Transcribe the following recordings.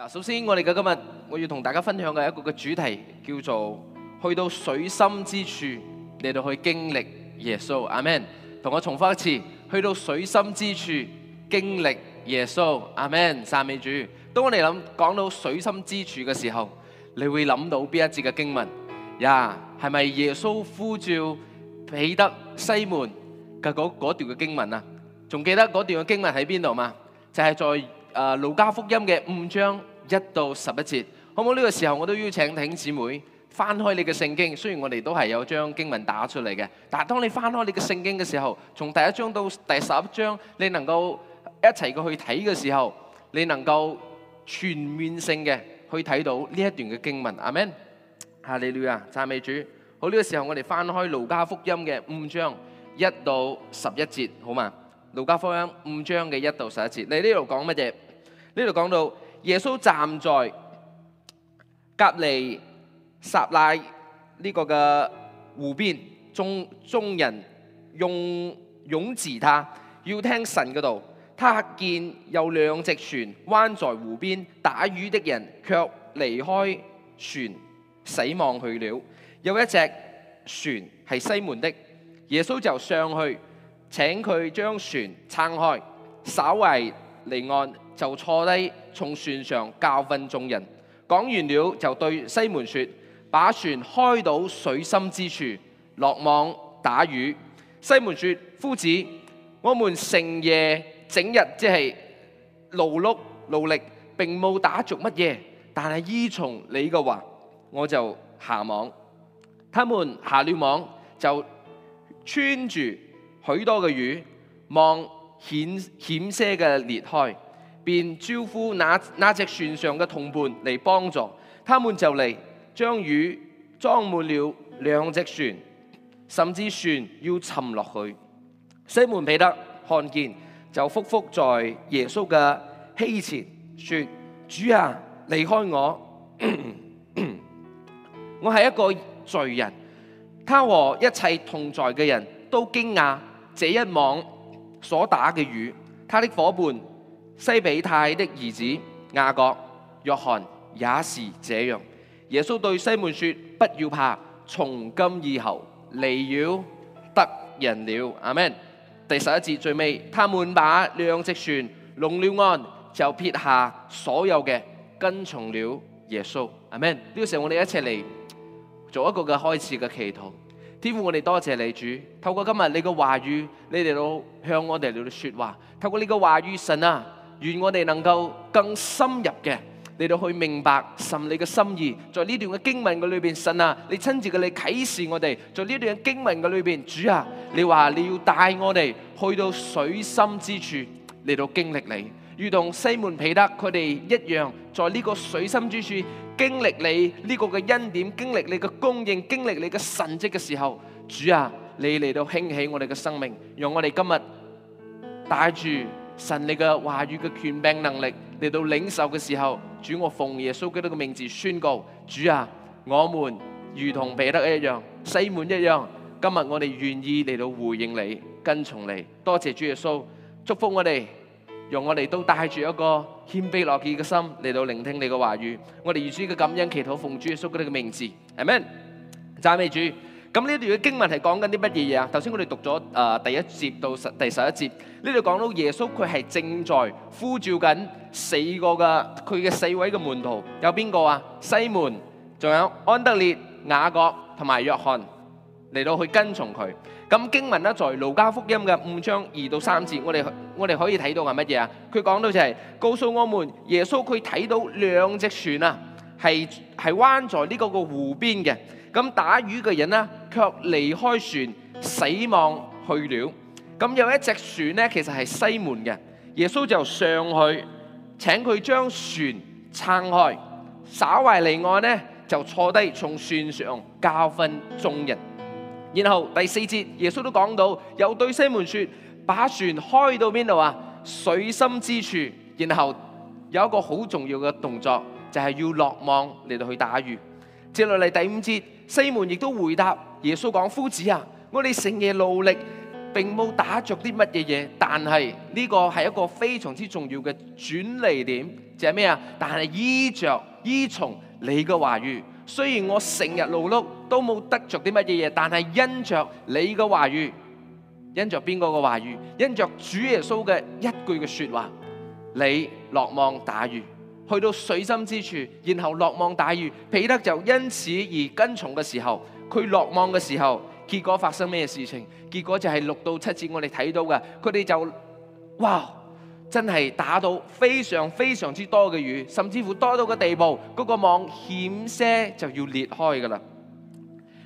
嗱，首先我哋嘅今日我要同大家分享嘅一個嘅主題叫做去到水深之處，你哋去經歷耶穌，阿門。同我重複一次，去到水深之處經歷耶穌，阿門。讚美主。當我哋諗講到水深之處嘅時候，你會諗到邊一節嘅經文呀？係咪耶穌呼召彼得西門嘅嗰嗰段嘅經文啊？仲記得嗰段嘅經文喺邊度嘛？就係在誒路加福音嘅五章。一到十一節，好唔好？呢個時候我都邀請弟兄姊妹翻開你嘅聖經。雖然我哋都係有將經文打出嚟嘅，但係當你翻開你嘅聖經嘅時候，從第一章到第十章，你能夠一齊過去睇嘅時候，你能夠全面性嘅去睇到呢一段嘅經文。阿們，哈利路亞，讚美主。好，呢個時候我哋翻開路加福音嘅五章一到十一節，好嘛？路加福音五章嘅一到十一節，你呢度講乜嘢？呢度講到。耶穌站在隔離撒拉呢個嘅湖邊，眾眾人用擁擠他，要聽神嘅道。他見有兩隻船彎在湖邊，打魚的人卻離開船，死亡去了。有一隻船係西門的，耶穌就上去請佢將船撐開，稍微離岸。就坐低，從船上教訓眾人。講完了，就對西門說：把船開到水深之處，落網打魚。西門說：夫子，我們成夜整日即係勞碌勞力，並冇打着乜嘢。但係依從你嘅話，我就下網。他們下了網，就穿住許多嘅魚，望險險些嘅裂開。便招呼那那隻船上嘅同伴嚟幫助，他們就嚟將魚裝滿了兩隻船，甚至船要沉落去。西門彼得看見，就俯伏在耶穌嘅膝前說：主啊，離開我，咳咳我係一個罪人。他和一切同在嘅人都驚訝這一網所打嘅魚，他的夥伴。西比泰的兒子雅各、約翰也是這樣。耶穌對西門說：不要怕，從今以後，你要得人了。阿 Man，第十一節最尾，他們把兩隻船攏了岸，就撇下所有嘅，跟從了耶穌。阿 Man，呢、這個時候我哋一齊嚟做一個嘅開始嘅祈禱。天父，我哋多謝你主，透過今日你嘅話語，你哋都向我哋嚟說話。透過你嘅話語，神啊！願我哋能夠更深入嘅嚟到去明白神你嘅心意，在呢段嘅經文嘅裏邊，神啊，你親自嘅嚟啟示我哋，在呢段嘅經文嘅裏邊，主啊，你話你要帶我哋去到水深之處嚟到經歷你，如同西門彼得佢哋一樣，在呢個水深之處經歷你呢個嘅恩典，經歷你嘅供應，經歷你嘅神蹟嘅時候，主啊，你嚟到興起我哋嘅生命，讓我哋今日帶住。神你嘅話語嘅權柄能力嚟到領受嘅時候，主我奉耶穌基督嘅名字宣告：主啊，我們如同彼得一樣、西門一樣，今日我哋願意嚟到回應你、跟從你。多謝主耶穌，祝福我哋，讓我哋都帶住一個謙卑樂意嘅心嚟到聆聽你嘅話語。我哋以主嘅感恩祈禱奉主耶穌基督嘅名字，阿門！讚美主。咁呢段嘅經文係講緊啲乜嘢嘢啊？頭先我哋讀咗啊第一節到十第十一節，呢度講到耶穌佢係正在呼召緊四個嘅佢嘅四位嘅門徒，有邊個啊？西門，仲有安德烈、雅各同埋約翰嚟到去跟從佢。咁經文咧在路加福音嘅五章二到三節，我哋我哋可以睇到係乜嘢啊？佢講到就係告訴我們耶穌佢睇到兩隻船啊，係係彎在呢個個湖邊嘅，咁打魚嘅人啦。卻離開船，洗網去了。咁有一隻船呢，其實係西門嘅。耶穌就上去，請佢將船撐開，稍為離岸呢，就坐低，從船上教訓眾人。然後第四節，耶穌都講到，又對西門說：把船開到邊度啊？水深之處。然後有一個好重要嘅動作，就係、是、要落網嚟到去打魚。接落嚟第五節，西門亦都回答。耶穌講，夫子啊，我哋成夜勞力，並冇打着啲乜嘢嘢，但係呢個係一個非常之重要嘅轉捩點，就係咩啊？但係依着依從你嘅話語，雖然我成日勞碌都冇得着啲乜嘢嘢，但係因着你嘅話語，因着邊個嘅話語？因着主耶穌嘅一句嘅說話，你落網打魚，去到水深之處，然後落網打魚，彼得就因此而跟從嘅時候。佢落網嘅時候，結果發生咩事情？結果就係六到七節，我哋睇到噶，佢哋就哇，真係打到非常非常之多嘅魚，甚至乎多到個地步，嗰個網險些就要裂開噶啦。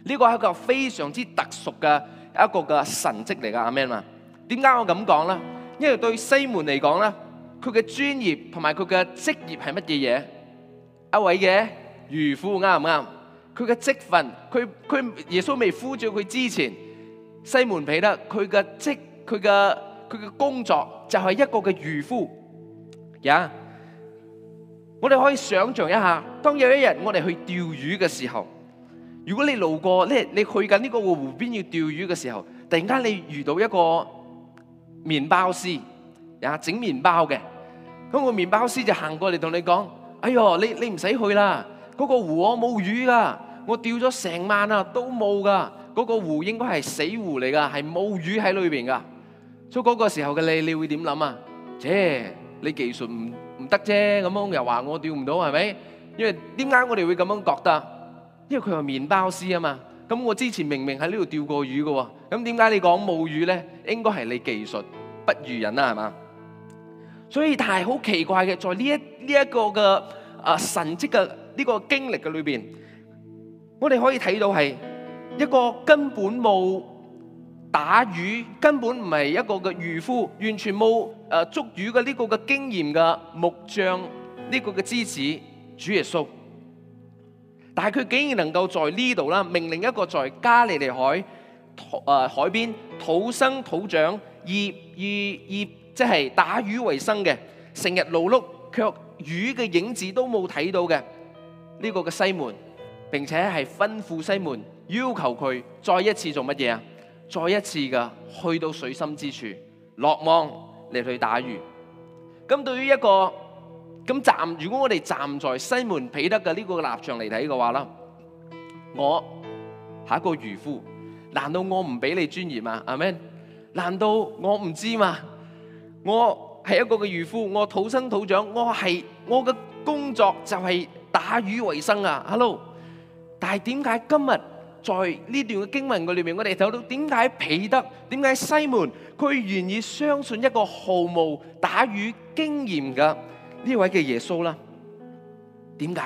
呢個係一個非常之特殊嘅一個嘅神蹟嚟噶，阿 Men 嘛？點解我咁講呢？因為對西門嚟講呢，佢嘅專業同埋佢嘅職業係乜嘢嘢？一位嘅漁夫啱唔啱？佢嘅職份，佢佢耶穌未呼召佢之前，西門彼得佢嘅職佢嘅佢嘅工作就係一個嘅漁夫，yeah. 我哋可以想象一下，當有一日我哋去釣魚嘅時候，如果你路過咧，你去緊呢個湖邊要釣魚嘅時候，突然間你遇到一個麵包師呀，整、yeah, 麵包嘅，咁、嗰個麵包師就行過嚟同你講：哎呦，你你唔使去啦，嗰、嗰個湖我冇魚噶。我釣咗成晚啊，都冇噶。嗰個湖應該係死湖嚟噶，係冇魚喺裏邊噶。所以嗰個時候嘅你，你會點諗啊？啫，你技術唔唔得啫。咁樣又話我釣唔到係咪？因為點解我哋會咁樣覺得？因為佢係麵包師啊嘛。咁我之前明明喺呢度釣過魚噶。咁點解你講冇魚咧？應該係你技術不如人啦，係嘛？所以但係好奇怪嘅，在呢一呢一個嘅啊神跡嘅呢個經歷嘅裏邊。我哋可以睇到係一個根本冇打魚，根本唔係一個嘅漁夫，完全冇誒捉魚嘅呢個嘅經驗嘅木匠呢個嘅支持主耶穌，但係佢竟然能夠在呢度啦，命令一個在加利利海誒海邊土生土長以以以即係打魚為生嘅，成日勞碌卻魚嘅影子都冇睇到嘅呢個嘅西門。並且係吩咐西門，要求佢再一次做乜嘢啊？再一次嘅去到水深之處落網嚟去打魚。咁對於一個咁站，如果我哋站在西門彼得嘅呢個立場嚟睇嘅話啦，我係一個漁夫，難道我唔俾你專業啊？Amen，難道我唔知嘛？我係一個嘅漁夫，我土生土長，我係我嘅工作就係打魚為生啊！Hello。但係點解今日在呢段嘅經文嘅裏面，我哋睇到點解彼得點解西門佢願意相信一個毫無打魚經驗嘅呢位嘅耶穌啦？點解？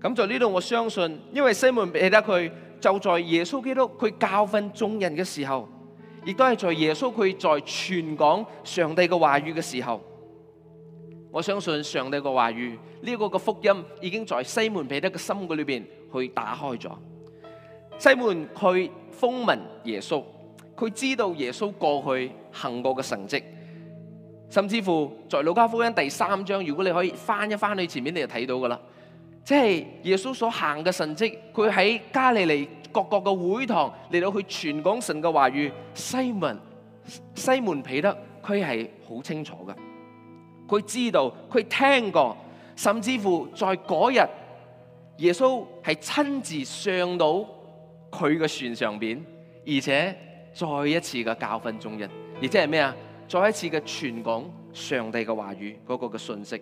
咁在呢度我相信，因為西門彼得佢就在耶穌基督佢教訓眾人嘅時候，亦都係在耶穌佢在傳講上帝嘅話語嘅時候，我相信上帝嘅話語呢個嘅福音已經在西門彼得嘅心嘅裏邊。去打開咗西門。佢風聞耶穌，佢知道耶穌過去行過嘅神蹟，甚至乎在路加福音第三章，如果你可以翻一翻去前面，你就睇到噶啦。即係耶穌所行嘅神蹟，佢喺加利利各國嘅會堂嚟到去傳講神嘅話語，西門西門彼得佢係好清楚嘅，佢知道佢聽過，甚至乎在嗰日。耶穌係親自上到佢嘅船上邊，而且再一次嘅教訓眾人，亦即係咩啊？再一次嘅傳講上帝嘅話語嗰、那個嘅信息。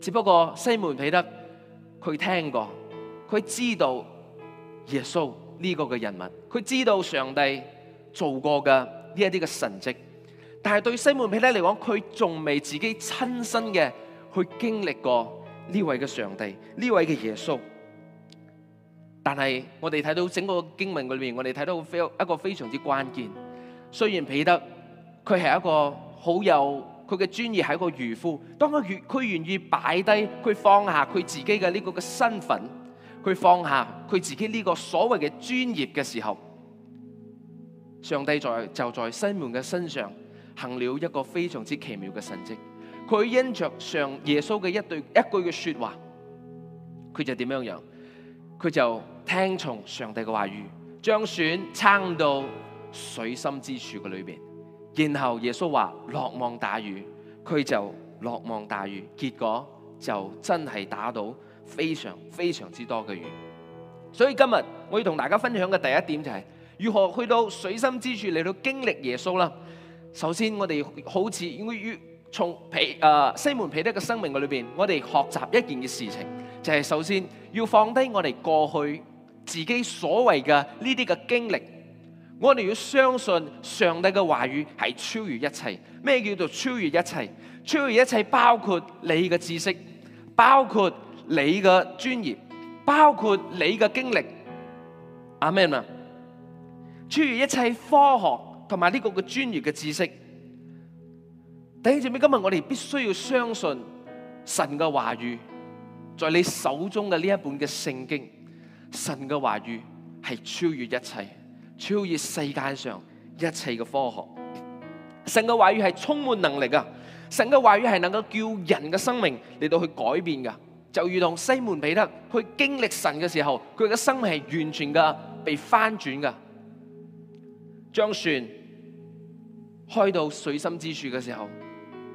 只不過西門彼得佢聽過，佢知道耶穌呢個嘅人物，佢知道上帝做過嘅呢一啲嘅神蹟，但係對西門彼得嚟講，佢仲未自己親身嘅去經歷過。呢位嘅上帝，呢位嘅耶穌，但係我哋睇到整個經文裏面，我哋睇到一個非常之關鍵。雖然彼得佢係一個好有佢嘅專業，係一個漁夫，當佢佢願意擺低佢放下佢自己嘅呢個嘅身份，佢放下佢自己呢個所謂嘅專業嘅時候，上帝在就在西門嘅身上行了一個非常之奇妙嘅神蹟。佢因着上耶穌嘅一對一句嘅說話，佢就點樣樣？佢就聽從上帝嘅話語，將船撐到水深之處嘅裏邊。然後耶穌話落網打魚，佢就落網打魚，結果就真係打到非常非常之多嘅魚。所以今日我要同大家分享嘅第一點就係、是，如何去到水深之處嚟到經歷耶穌啦。首先我哋好似從皮誒西門彼得嘅生命裏邊，我哋學習一件嘅事情，就係、是、首先要放低我哋過去自己所謂嘅呢啲嘅經歷。我哋要相信上帝嘅話語係超越一切。咩叫做超越一切？超越一切包括你嘅知識，包括你嘅專業，包括你嘅經歷。阿們啊！超越一切科學同埋呢個嘅專業嘅知識。第一最尾，今日我哋必須要相信神嘅話語，在你手中嘅呢一本嘅聖經，神嘅話語係超越一切，超越世界上一切嘅科學。神嘅話語係充滿能力噶，神嘅話語係能夠叫人嘅生命嚟到去改變噶，就如同西門彼得去經歷神嘅時候，佢嘅生命係完全嘅被翻轉噶，將船開到水深之處嘅時候。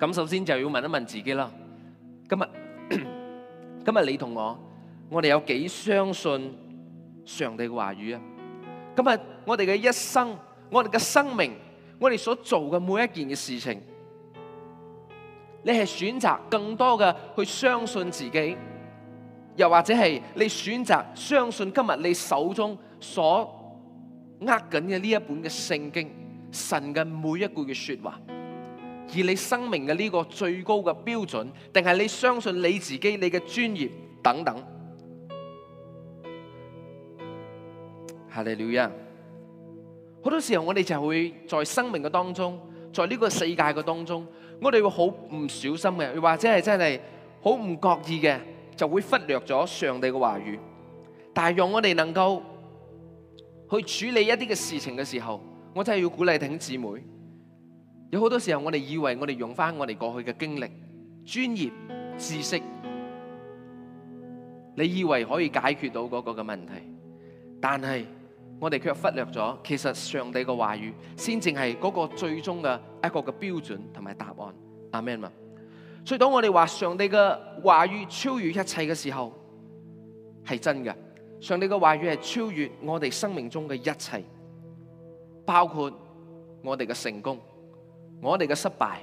咁首先就要問一問自己啦，今日今日你同我，我哋有幾相信上帝嘅話語啊？今日我哋嘅一生，我哋嘅生命，我哋所做嘅每一件嘅事情，你係選擇更多嘅去相信自己，又或者係你選擇相信今日你手中所握緊嘅呢一本嘅聖經，神嘅每一句嘅說話。以你生命嘅呢個最高嘅標準，定係你相信你自己，你嘅專業等等。下嚟了呀！好多時候我哋就會在生命嘅當中，在呢個世界嘅當中，我哋會好唔小心嘅，或者係真係好唔覺意嘅，就會忽略咗上帝嘅話語。但係讓我哋能夠去處理一啲嘅事情嘅時候，我真係要鼓勵弟兄姊妹。有好多時候，我哋以為我哋用翻我哋過去嘅經歷、專業知識，你以為可以解決到嗰個嘅問題，但係我哋卻忽略咗，其實上帝嘅話語先至係嗰個最終嘅一個嘅標準同埋答案。阿們啊，所以當我哋話上帝嘅話語超越一切嘅時候，係真嘅。上帝嘅話語係超越我哋生命中嘅一切，包括我哋嘅成功，我哋嘅失敗，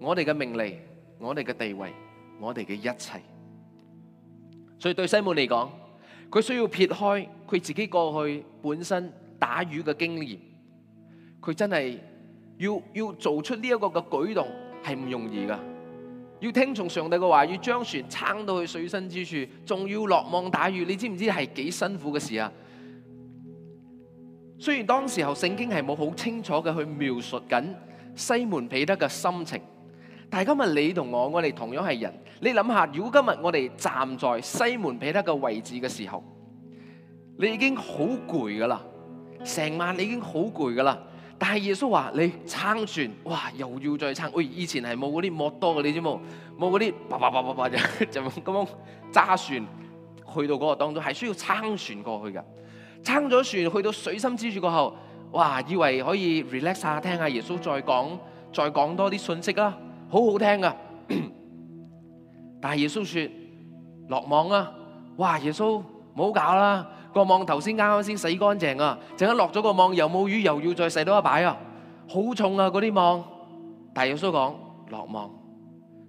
我哋嘅名利，我哋嘅地位，我哋嘅一切。所以對西門嚟講，佢需要撇開佢自己過去本身打魚嘅經驗，佢真係要要做出呢一個嘅舉動，係唔容易㗎。要聽從上帝嘅話，要將船撐到去水深之處，仲要落網打魚，你知唔知係幾辛苦嘅事啊？雖然當時候聖經係冇好清楚嘅去描述緊。西門彼得嘅心情，但係今日你同我，我哋同樣係人。你諗下，如果今日我哋站在西門彼得嘅位置嘅時候，你已經好攰噶啦，成晚你已經好攰噶啦。但係耶穌話你撐船，哇，又要再撐。喂，以前係冇嗰啲摩打嘅你知冇？冇嗰啲叭叭叭叭叭就咁樣揸船去到嗰個當中，係需要撐船過去嘅。撐咗船去到水深之處過後。哇！以為可以 relax 下，聽下耶穌再講，再講多啲信息啊，好好聽啊。 但耶穌說落網啊！哇！耶穌唔好搞啦，網剛剛剛啊、個網頭先啱啱先洗乾淨啊，陣間落咗個網又冇魚，又要再洗多一擺啊，好重啊嗰啲網。但耶穌講落網，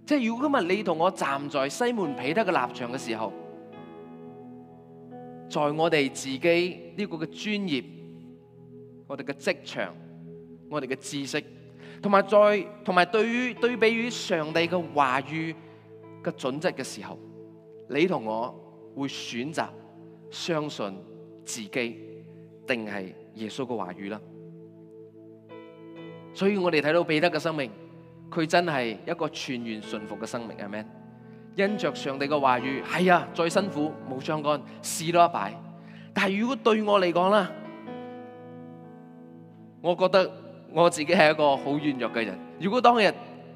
即係如果今日你同我站在西門彼得嘅立場嘅時候，在我哋自己呢個嘅專業。我哋嘅職場，我哋嘅知識，同埋再同埋對於對比於上帝嘅話語嘅準則嘅時候，你同我會選擇相信自己定係耶穌嘅話語啦？所以我哋睇到彼得嘅生命，佢真係一個全然順服嘅生命，係咩？因着上帝嘅話語，係啊，再辛苦冇相干，試多一擺。但係如果對我嚟講啦，我覺得我自己係一個好軟弱嘅人。如果當日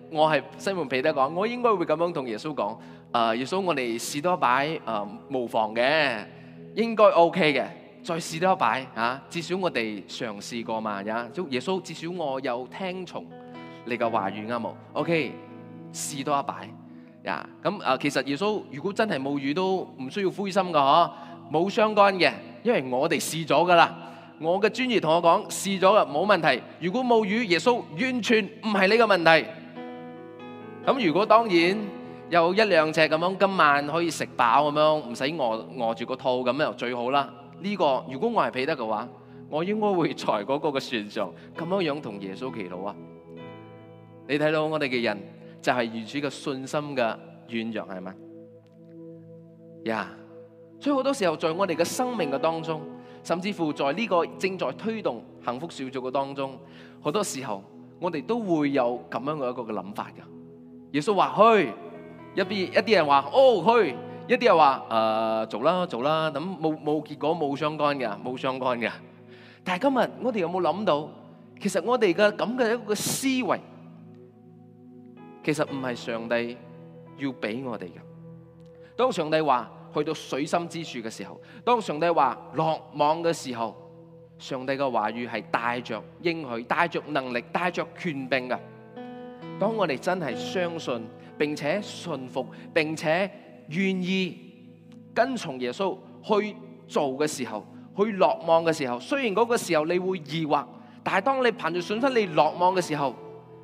我係西門彼得講，我應該會咁樣同耶穌講：啊、呃，耶穌，我哋試多一擺，啊、呃，無妨嘅，應該 O K 嘅，再試多一擺，吓、啊，至少我哋嘗試過嘛，啊，耶穌，至少我有聽從你嘅話語啱冇？O K，試多一擺，呀、啊，咁啊，其實耶穌如果真係冇魚都唔需要灰心噶，嗬、啊，冇相干嘅，因為我哋試咗噶啦。我嘅專業同我講試咗嘅冇問題。如果冇魚，耶穌完全唔係你嘅問題。咁如果當然有一兩隻咁樣，今晚可以食飽咁樣，唔使餓餓住個肚咁樣最好啦。呢、這個如果我係彼得嘅話，我應該會裁嗰個嘅船上咁樣樣同耶穌祈禱啊。你睇到我哋嘅人就係、是、如此嘅信心嘅軟弱係咪？呀！Yeah. 所以好多時候在我哋嘅生命嘅當中。甚至乎在呢個正在推動幸福小組嘅當中，好多時候我哋都會有咁樣嘅一個嘅諗法嘅。耶穌話：，去，一啲一啲人話：，哦去，一啲人話：，誒做啦做啦，咁冇冇結果冇相乾嘅冇相乾嘅。但係今日我哋有冇諗到，其實我哋嘅咁嘅一個思維，其實唔係上帝要俾我哋嘅。當上帝話。去到水深之處嘅時候，當上帝話落網嘅時候，上帝嘅話語係帶着應許、帶着能力、帶着權柄嘅。當我哋真係相信，並且信服，並且願意跟從耶穌去做嘅時候，去落網嘅時候，雖然嗰個時候你會疑惑，但係當你憑住信心你落網嘅時候，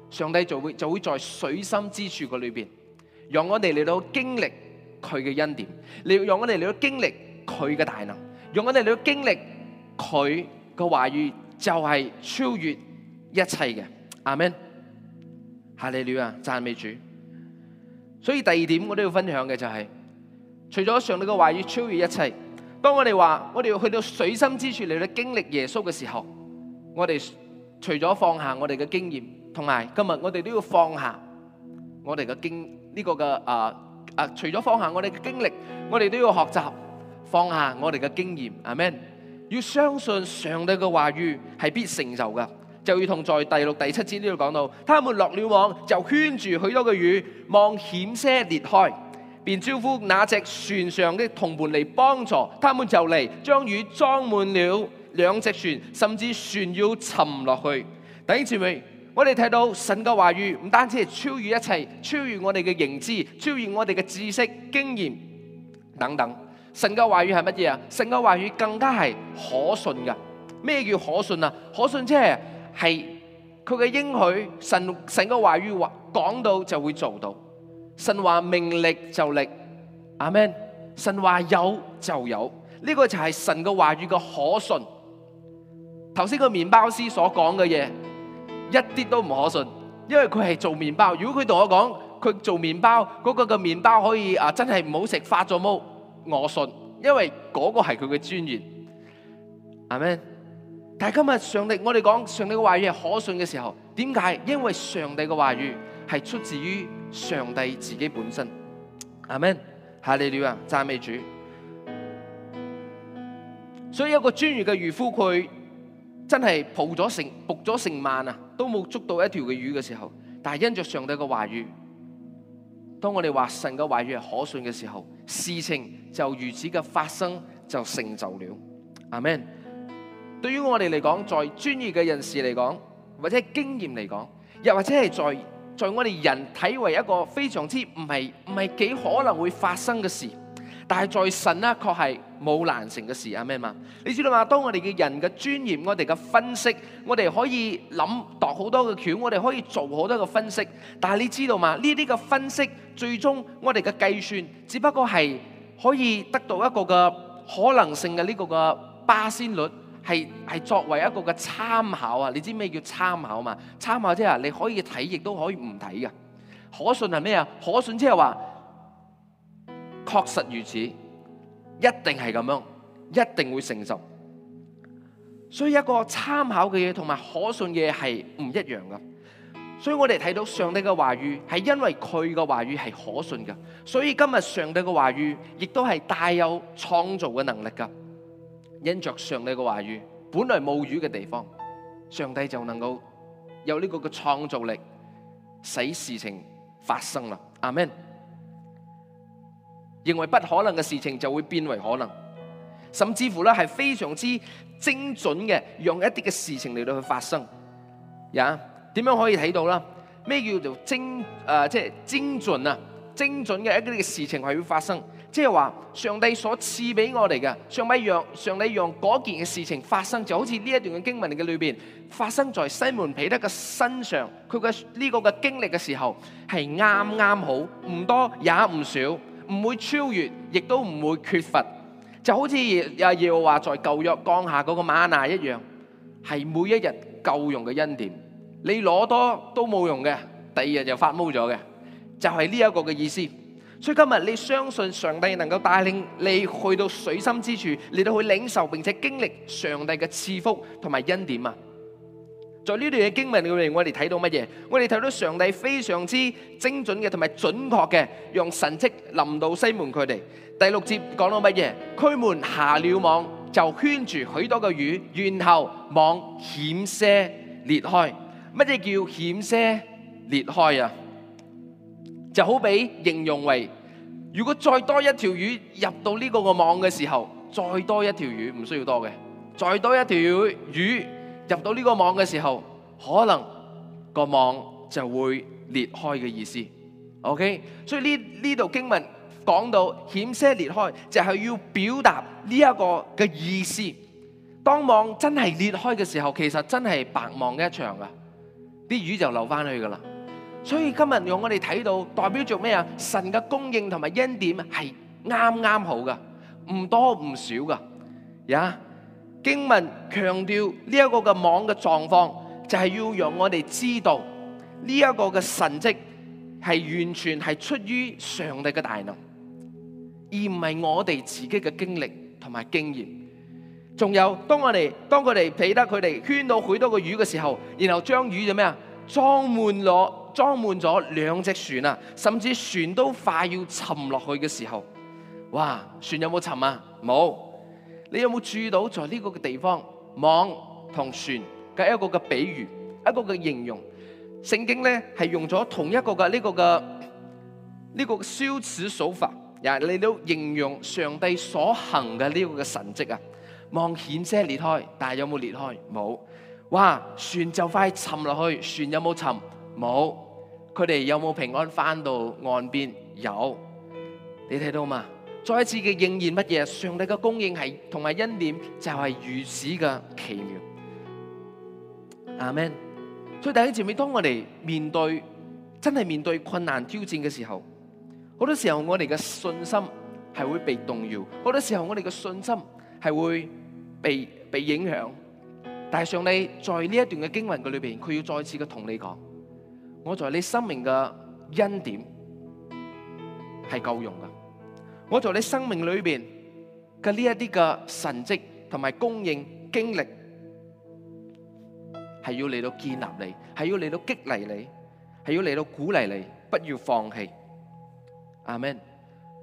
上帝就會就會在水深之處嘅裏邊，讓我哋嚟到經歷。佢嘅恩典，你要用我哋嚟到經歷佢嘅大能，用我哋嚟到經歷佢嘅話語就係超越一切嘅，阿們，哈利爾啊，讚美主。所以第二點我都要分享嘅就係，除咗上帝嘅話語超越一切，當我哋話我哋要去到水深之處嚟到經歷耶穌嘅時候，我哋除咗放下我哋嘅經驗，同埋今日我哋都要放下我哋嘅經呢個嘅啊。啊、除咗放下我哋嘅經歷，我哋都要學習放下我哋嘅經驗。阿們，要相信上帝嘅話語係必成就噶。就如同在第六、第七節呢度講到，他們落了網就圈住許多嘅魚，網險些裂開，便招呼那隻船上的同伴嚟幫助。他們就嚟將魚裝滿了兩隻船，甚至船要沉落去。等住未。我哋睇到神嘅話語唔單止係超越一切，超越我哋嘅認知，超越我哋嘅知識、經驗等等。神嘅話語係乜嘢啊？神嘅話語更加係可信嘅。咩叫可信啊？可信即係係佢嘅應許。神神嘅話語話講到就會做到。神話命立就立，阿們，神話有就有，呢、這個就係神嘅話語嘅可信。頭先個麵包師所講嘅嘢。一啲都唔可信，因為佢係做麵包。如果佢同我講佢做麵包嗰個嘅麵包可以啊，真係唔好食發咗毛，我信，因為嗰個係佢嘅專業。阿門，但係今日上帝我哋講上帝嘅話語係可信嘅時候，點解？因為上帝嘅話語係出自於上帝自己本身。阿門，哈利路亞啊，讚美主。所以有個專業嘅漁夫佢真係捕咗成捕咗成萬啊！都冇捉到一條嘅魚嘅時候，但係因着上帝嘅話語，當我哋話神嘅話語係可信嘅時候，事情就如此嘅發生，就成就了。阿們。對於我哋嚟講，在專業嘅人士嚟講，或者係經驗嚟講，又或者係在在我哋人體為一個非常之唔係唔係幾可能會發生嘅事。但係在神呢，確係冇難成嘅事啊！咩嘛？你知道嘛？當我哋嘅人嘅尊嚴，我哋嘅分析，我哋可以諗度好多嘅橋，我哋可以做好多嘅分析。但係你知道嘛？呢啲嘅分析最終，我哋嘅計算只不過係可以得到一個嘅可能性嘅呢個嘅巴仙率，係係作為一個嘅參考啊！你知咩叫參考嘛？參考即係你可以睇，亦都可以唔睇㗎。可信係咩啊？可信即係話。確實如此，一定係咁樣，一定會成熟。所以一個參考嘅嘢，同埋可信嘅嘢係唔一樣噶。所以我哋睇到上帝嘅話語係因為佢嘅話語係可信噶，所以今日上帝嘅話語亦都係帶有創造嘅能力噶。因着上帝嘅話語，本來冇語嘅地方，上帝就能夠有呢個嘅創造力，使事情發生啦。阿門。認為不可能嘅事情就會變為可能，甚至乎咧係非常之精準嘅，用一啲嘅事情嚟到去發生，呀，點樣可以睇到啦？咩叫做精誒、呃？即係精準啊？精準嘅一啲嘅事情係會發生，即係話上帝所賜俾我哋嘅，上帝讓上帝讓嗰件嘅事情發生，就好似呢一段嘅經文嘅裏邊，發生在西門彼得嘅身上，佢嘅呢個嘅經歷嘅時候係啱啱好，唔多也唔少。唔會超越，亦都唔會缺乏，就好似阿耶和華在舊約降下嗰個嗎哪一樣，係每一日夠用嘅恩典。你攞多都冇用嘅，第二日就發毛咗嘅，就係呢一個嘅意思。所以今日你相信上帝能夠帶領你去到水深之處，你都去領受並且經歷上帝嘅賜福同埋恩典啊！在呢段嘅經文裏面，我哋睇到乜嘢？我哋睇到上帝非常之精準嘅，同埋準確嘅，用神跡臨到西門佢哋。第六節講到乜嘢？驅門下了網，就圈住許多嘅魚，然後網險些裂開。乜嘢叫險些裂開啊？就好比形容為，如果再多一條魚入到呢個個網嘅時候，再多一條魚唔需要多嘅，再多一條魚。入到呢個網嘅時候，可能個網就會裂開嘅意思，OK？所以呢呢度經文講到險些裂開，就係要表達呢一個嘅意思。當網真係裂開嘅時候，其實真係白忙一場噶，啲魚就流翻去噶啦。所以今日用我哋睇到，代表着咩啊？神嘅供應同埋恩典係啱啱好噶，唔多唔少噶，呀？經文強調呢一個嘅網嘅狀況，就係、是、要讓我哋知道呢一、這個嘅神蹟係完全係出於上帝嘅大能，而唔係我哋自己嘅經歷同埋經驗。仲有當我哋當佢哋畀得佢哋圈到好多個魚嘅時候，然後將魚就咩啊？裝滿咗，裝滿咗兩隻船啊！甚至船都快要沉落去嘅時候，哇！船有冇沉啊？冇。你有冇注意到在呢個嘅地方，網同船嘅一個嘅比喻，一個嘅形容，聖經咧係用咗同一個嘅呢個嘅呢個嘅呢個修辭手法，呀，你都形容上帝所行嘅呢個嘅神蹟啊，網險些裂開，但係有冇裂開？冇。哇，船就快沉落去，船有冇沉？冇。佢哋有冇平安返到岸邊？有。你睇到嘛？再一次嘅應驗乜嘢？上帝嘅供應係同埋恩典就係如此嘅奇妙。阿們。所以第一次尾，當我哋面對真係面對困難挑戰嘅時候，好多時候我哋嘅信心係會被動搖，好多時候我哋嘅信心係會被被影響。但係上帝在呢一段嘅經文嘅裏邊，佢要再次嘅同你講，我在你生命嘅恩典係夠用㗎。我在你生命裏邊嘅呢一啲嘅神蹟同埋供應經歷，係要嚟到建立你，係要嚟到激勵你，係要嚟到鼓勵你，不要放棄。阿門。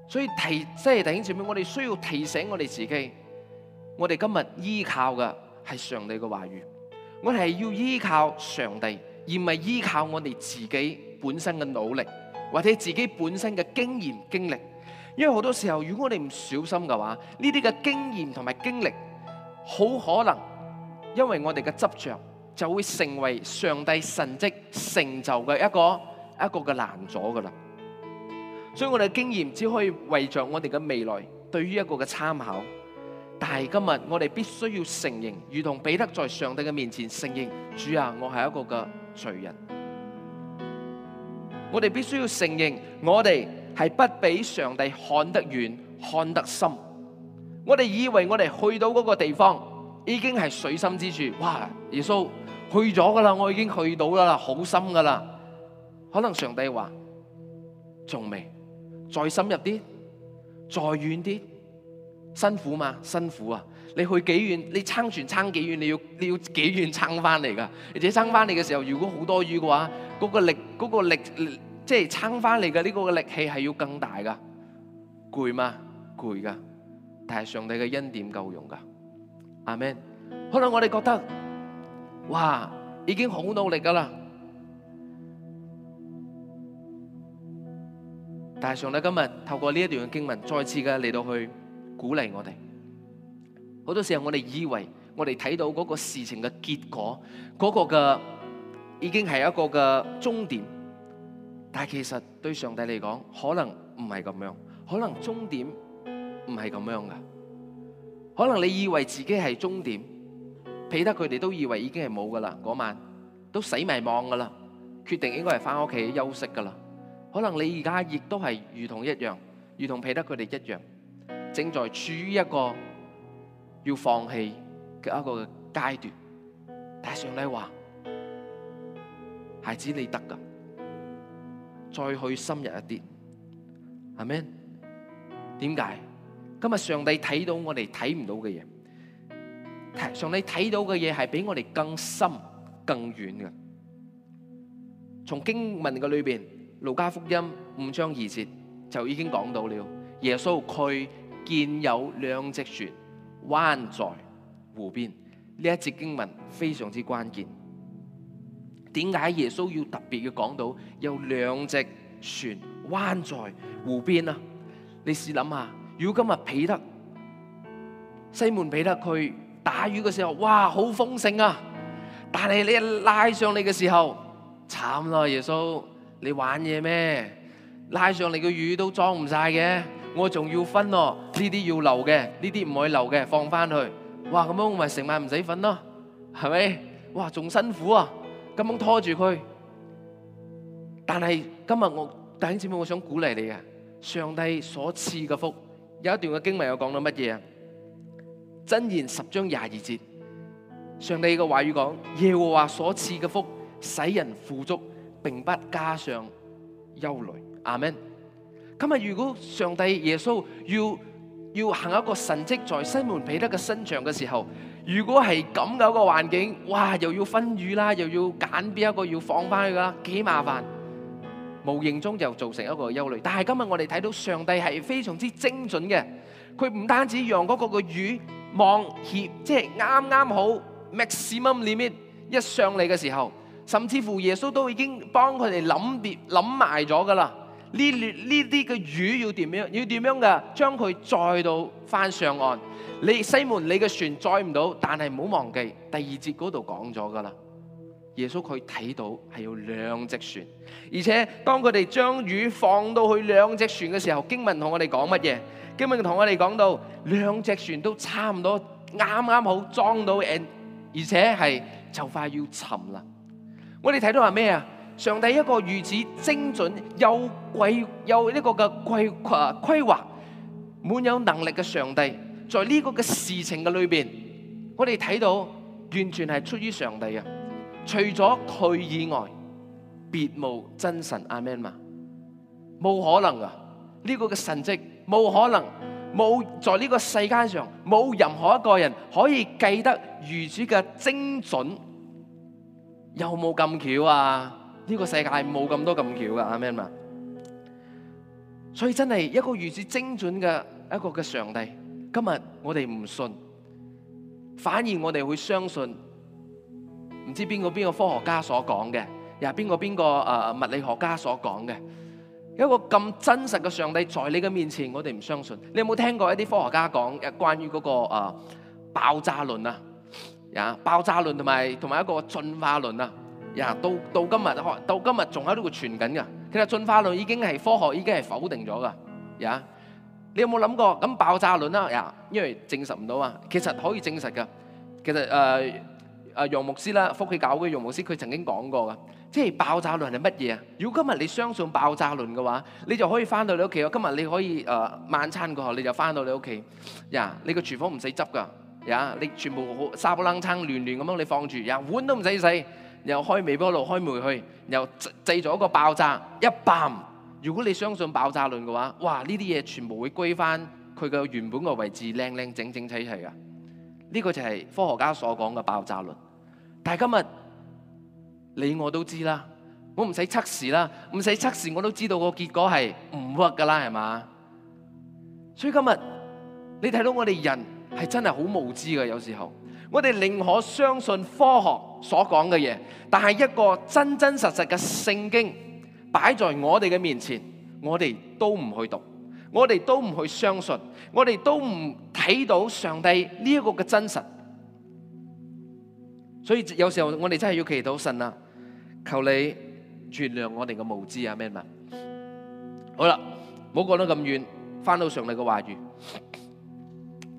所以提即係弟兄前面，我哋需要提醒我哋自己，我哋今日依靠嘅係上帝嘅話語，我哋係要依靠上帝，而唔係依靠我哋自己本身嘅努力或者自己本身嘅經驗經歷。因為好多時候，如果我哋唔小心嘅話，呢啲嘅經驗同埋經歷，好可能因為我哋嘅執着，就會成為上帝神蹟成就嘅一個一個嘅攔阻㗎喇。所以我哋嘅經驗只可以為着我哋嘅未來對於一個嘅參考，但係今日我哋必須要承認，如同彼得在上帝嘅面前承認：主啊，我係一個嘅罪人。我哋必須要承認我哋。係不比上帝看得遠，看得深。我哋以為我哋去到嗰個地方已經係水深之處，哇！耶穌去咗噶啦，我已經去到啦，好深噶啦。可能上帝話仲未，再深入啲，再遠啲，辛苦嘛，辛苦啊！你去幾遠？你撐船撐幾遠？你要你要幾遠撐翻嚟噶？而且撐翻嚟嘅時候，如果好多魚嘅話，嗰個力嗰個力。嗰個力即係撐翻嚟嘅呢個嘅力氣係要更大噶，攰嘛，攰噶，但係上帝嘅恩典夠用噶，阿 Man，可能我哋覺得，哇，已經好努力噶啦，但係上帝今日透過呢一段嘅經文，再次嘅嚟到去鼓勵我哋。好多時候我哋以為我哋睇到嗰個事情嘅結果，嗰、嗰個嘅已經係一個嘅終點。但係其實對上帝嚟講，可能唔係咁樣，可能終點唔係咁樣噶，可能你以為自己係終點，彼得佢哋都以為已經係冇噶啦，嗰晚都死迷茫噶啦，決定應該係翻屋企休息噶啦。可能你而家亦都係如同一樣，如同彼得佢哋一樣，正在處於一個要放棄嘅一個階段。但係上帝話，孩子你得噶。再去深入一啲，係咪？點解？今日上帝睇到我哋睇唔到嘅嘢，上帝睇到嘅嘢係比我哋更深更遠嘅。從經文嘅裏邊，路加福音五章二節就已經講到了，耶穌佢見有兩隻船彎在湖邊，呢一節經文非常之關鍵。點解耶穌要特別嘅講到有兩隻船灣在湖邊啊？你試諗下，如果今日彼得、西門彼得佢打魚嘅時候，哇，好豐盛啊！但係你一拉上嚟嘅時候，慘咯！耶穌，你玩嘢咩？拉上嚟嘅魚都裝唔晒嘅，我仲要分咯，呢啲要留嘅，呢啲唔可以留嘅，放翻去。哇，咁樣我咪成晚唔使瞓咯，係咪？哇，仲辛苦啊！咁樣拖住佢，但係今日我弟兄姊妹，我想鼓勵你啊，上帝所賜嘅福，有一段嘅經文有講到乜嘢啊？箴言十章廿二節，上帝嘅話語講，耶和華所賜嘅福，使人富足，並不加上憂慮。阿門。今日如果上帝耶穌要要行一個神跡在西門彼得嘅身上嘅時候，如果係咁嘅一個環境，哇，又要分魚啦，又要揀邊一個要放翻去啦，幾麻煩，無形中就造成一個憂慮。但係今日我哋睇到上帝係非常之精準嘅，佢唔單止讓嗰個個魚望協，即係啱啱好 maximum limit 一上嚟嘅時候，甚至乎耶穌都已經幫佢哋諗別諗埋咗噶啦。呢呢啲嘅魚要點樣？要點樣㗎？將佢載到翻上岸。你西門，你嘅船載唔到，但係唔好忘記，第二節嗰度講咗噶啦。耶穌佢睇到係有兩隻船，而且當佢哋將魚放到去兩隻船嘅時候，經文同我哋講乜嘢？經文同我哋講到，兩隻船都差唔多啱啱好裝到，誒，而且係就快要沉啦。我哋睇到話咩啊？上帝一個如此精準、又貴又呢個嘅規規劃，滿有能力嘅上帝，在呢個嘅事情嘅裏邊，我哋睇到完全係出於上帝啊！除咗佢以外，別無真神，阿門嘛？冇可能啊！呢、這個嘅神蹟冇可能冇在呢個世界上冇任何一個人可以計得如此嘅精準，有冇咁巧啊？呢個世界冇咁多咁巧噶，阿媽嘛，所以真係一個如此精準嘅一個嘅上帝。今日我哋唔信，反而我哋會相信唔知邊個邊個科學家所講嘅，又係邊個邊個誒物理學家所講嘅。一個咁真實嘅上帝在你嘅面前，我哋唔相信。你有冇聽過一啲科學家講誒關於嗰個誒爆炸論啊？啊，爆炸論同埋同埋一個進化論啊？到到今日，到今日仲喺度傳緊噶。其實進化論已經係科學，已經係否定咗噶。呀，你有冇諗過咁爆炸論啦？呀，因為證實唔到嘛。其實可以證實噶。其實誒誒楊牧師啦，福企搞嘅楊牧師，佢曾經講過噶，即係爆炸論係乜嘢啊？如果今日你相信爆炸論嘅話，你就可以翻到你屋企。今日你可以誒、呃、晚餐過後，你就翻到你屋企。呀，你個廚房唔使執噶。呀，你全部沙不楞撐亂亂咁樣你放住。呀，碗都唔使洗。又開微波爐開煤去，又製造一個爆炸，一爆。如果你相信爆炸論嘅話，哇！呢啲嘢全部會歸翻佢嘅原本個位置，靚靚整整齊齊嘅。呢個就係科學家所講嘅爆炸論。但係今日你我都知啦，我唔使測試啦，唔使測試我都知道個結果係唔 work 噶啦，係嘛？所以今日你睇到我哋人係真係好無知嘅，有時候。我哋寧可相信科學所講嘅嘢，但係一個真真實實嘅聖經擺在我哋嘅面前，我哋都唔去讀，我哋都唔去相信，我哋都唔睇到上帝呢一個嘅真實。所以有時候我哋真係要祈禱神啊，求你原諒我哋嘅無知啊，咩嘛？好啦，唔好講得咁遠，翻到上帝嘅話語。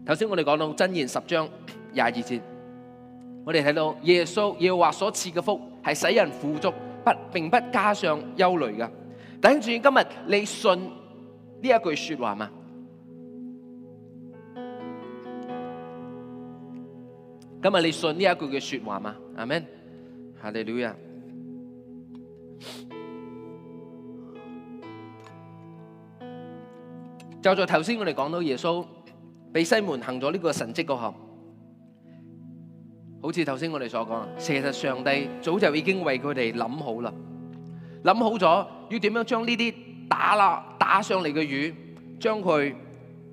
頭先我哋講到箴言十章廿二節，我哋睇到耶穌、耶和華所賜嘅福係使人富足，不並不加上憂慮嘅。等住今日，你信呢一句說話嗎？今日你信呢一句嘅說話嗎？阿門，哈利路亞。就在頭先，我哋講到耶穌俾西門行咗呢個神蹟過後。好似頭先我哋所講，其實上帝早就已經為佢哋諗好啦，諗好咗要點樣將呢啲打啦打上嚟嘅魚，將佢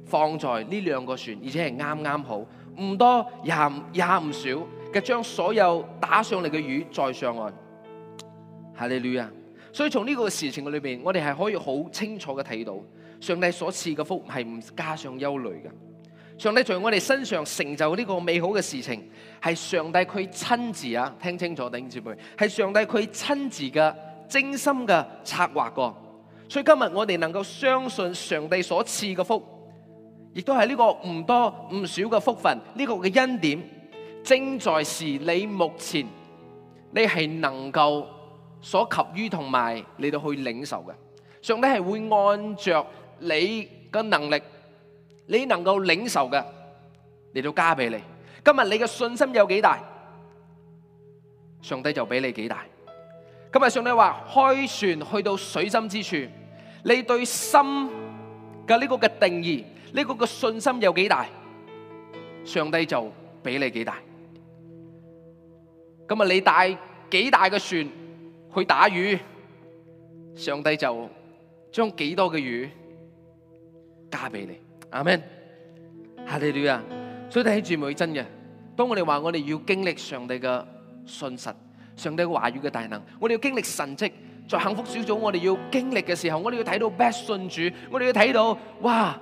放在呢兩個船，而且係啱啱好，唔多也也唔少嘅，將所有打上嚟嘅魚再上岸。哈利路亞！所以從呢個事情嘅裏邊，我哋係可以好清楚嘅睇到，上帝所賜嘅福係唔加上憂慮嘅。上帝在我哋身上成就呢個美好嘅事情，係上帝佢親自啊，聽清楚，弟兄姊妹，係上帝佢親自嘅精心嘅策劃過，所以今日我哋能夠相信上帝所賜嘅福，亦都係呢個唔多唔少嘅福分，呢個嘅恩典，正在是你目前你係能夠所及於同埋你到去領受嘅，上帝係會按着你嘅能力。你能夠領受嘅，都加俾你。今日你嘅信心有幾大，上帝就俾你幾大。今日上帝話開船去到水深之處，你對心嘅呢個嘅定義，呢個嘅信心有幾大，上帝就俾你幾大。今日，你帶幾大嘅船去打魚，上帝就將幾多嘅魚加俾你。阿們，哈利路亞，所以睇起姊妹真嘅，當我哋話我哋要經歷上帝嘅信實，上帝話語嘅大能，我哋要經歷神蹟。在幸福小組我哋要經歷嘅時候，我哋要睇到 best 信主，我哋要睇到哇，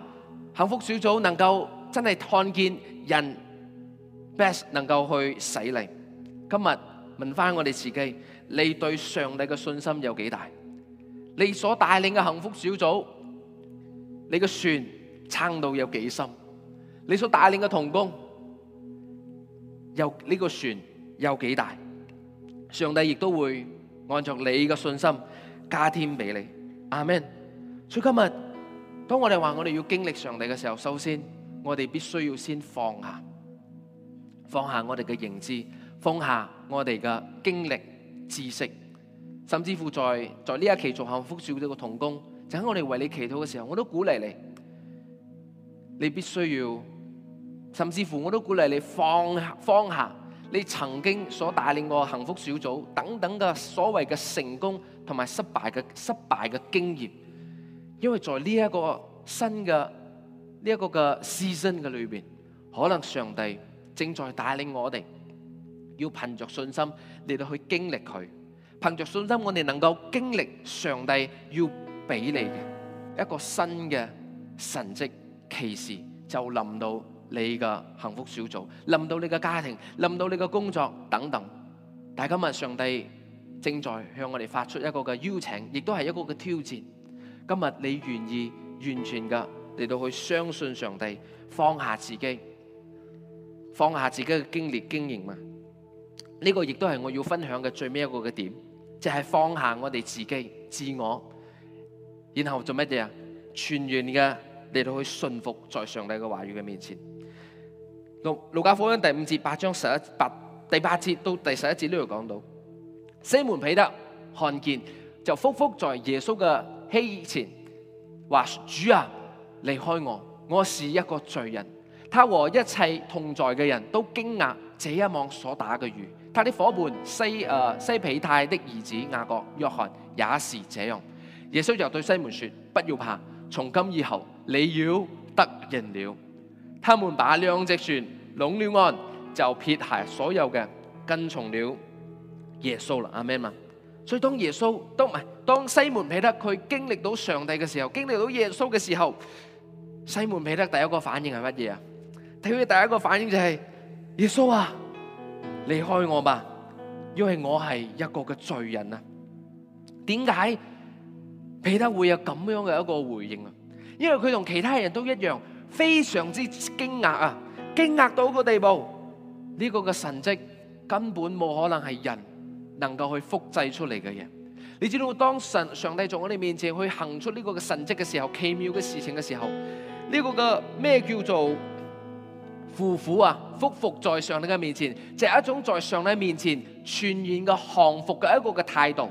幸福小組能夠真係看見人 best 能夠去洗禮。今日問翻我哋自己，你對上帝嘅信心有幾大？你所帶領嘅幸福小組，你嘅船，撐到有幾深你所帶領嘅同工又呢個船有幾大？上帝亦都會按照你嘅信心加添俾你。阿門。所以今日當我哋話我哋要經歷上帝嘅時候，首先我哋必須要先放下，放下我哋嘅認知，放下我哋嘅經歷、知識，甚至乎在在呢一期做幸福小組嘅同工，就喺我哋為你祈禱嘅時候，我都鼓勵你。你必須要，甚至乎我都鼓勵你放下放下你曾經所帶領過幸福小組等等嘅所謂嘅成功同埋失敗嘅失敗嘅經驗，因為在呢一個新嘅呢一個嘅 season 嘅裏邊，可能上帝正在帶領我哋，要憑着信心嚟到去經歷佢，憑着信心我哋能夠經歷上帝要俾你嘅一個新嘅神蹟。其時就臨到你嘅幸福小組，臨到你嘅家庭，臨到你嘅工作等等。但係今日上帝正在向我哋發出一個嘅邀請，亦都係一個嘅挑戰。今日你願意完全嘅嚟到去相信上帝，放下自己，放下自己嘅經歷經營嘛？呢個亦都係我要分享嘅最尾一個嘅點，即係放下我哋自己、自我，然後做乜嘢啊？全員嘅。嚟到去信服在上帝嘅話語嘅面前。路路加福音第五節八章十一八第八節到第十一節呢度講到，西門彼得看見就伏伏在耶穌嘅膝前，話主啊，離開我，我是一個罪人。他和一切同在嘅人都驚訝這一網所打嘅魚。他的夥伴西誒、呃、西庇太的兒子雅各、約翰也是這樣。耶穌就對西門說：不要怕。從今以後你要得人了。他們把兩隻船攏了岸，就撇下所有嘅，跟從了耶穌啦。阿們嘛，所以當耶穌，當唔係當西門彼得佢經歷到上帝嘅時候，經歷到耶穌嘅時候，西門彼得第一個反應係乜嘢啊？佢第一個反應就係耶穌啊，離開我吧，因為我係一個嘅罪人啊。點解？彼得會有咁樣嘅一個回應啊？因為佢同其他人都一樣，非常之驚訝啊，驚訝到個地步，呢個嘅神蹟根本冇可能係人能夠去複製出嚟嘅嘢。你知道當神上帝在我哋面前去行出呢個嘅神蹟嘅時候，奇妙嘅事情嘅時候，呢個嘅咩叫做俯伏啊，俯伏在上帝嘅面前，就係一種在上帝面前全然嘅降服嘅一個嘅態度。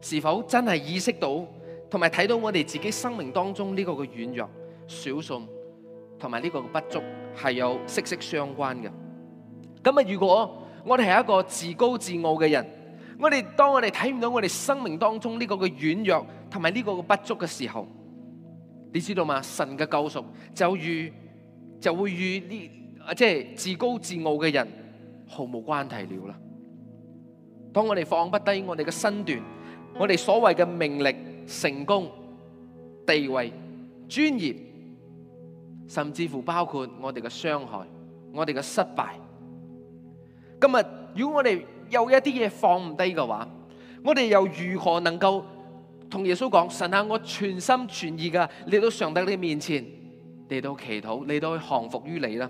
是否真係意識到同埋睇到我哋自己生命當中呢個嘅軟弱、小信同埋呢個嘅不足係有息息相關嘅。咁啊，如果我哋係一個自高自傲嘅人，我哋當我哋睇唔到我哋生命當中呢個嘅軟弱同埋呢個嘅不足嘅時候，你知道嗎？神嘅救贖就與就會與呢即係自高自傲嘅人毫無關係了啦。當我哋放不低我哋嘅身段，我哋所謂嘅名利、成功、地位、尊嚴，甚至乎包括我哋嘅傷害、我哋嘅失敗。今日如果我哋有一啲嘢放唔低嘅話，我哋又如何能夠同耶穌講：神下，我全心全意嘅嚟到上帝你面前嚟到祈禱，嚟到降服於你啦！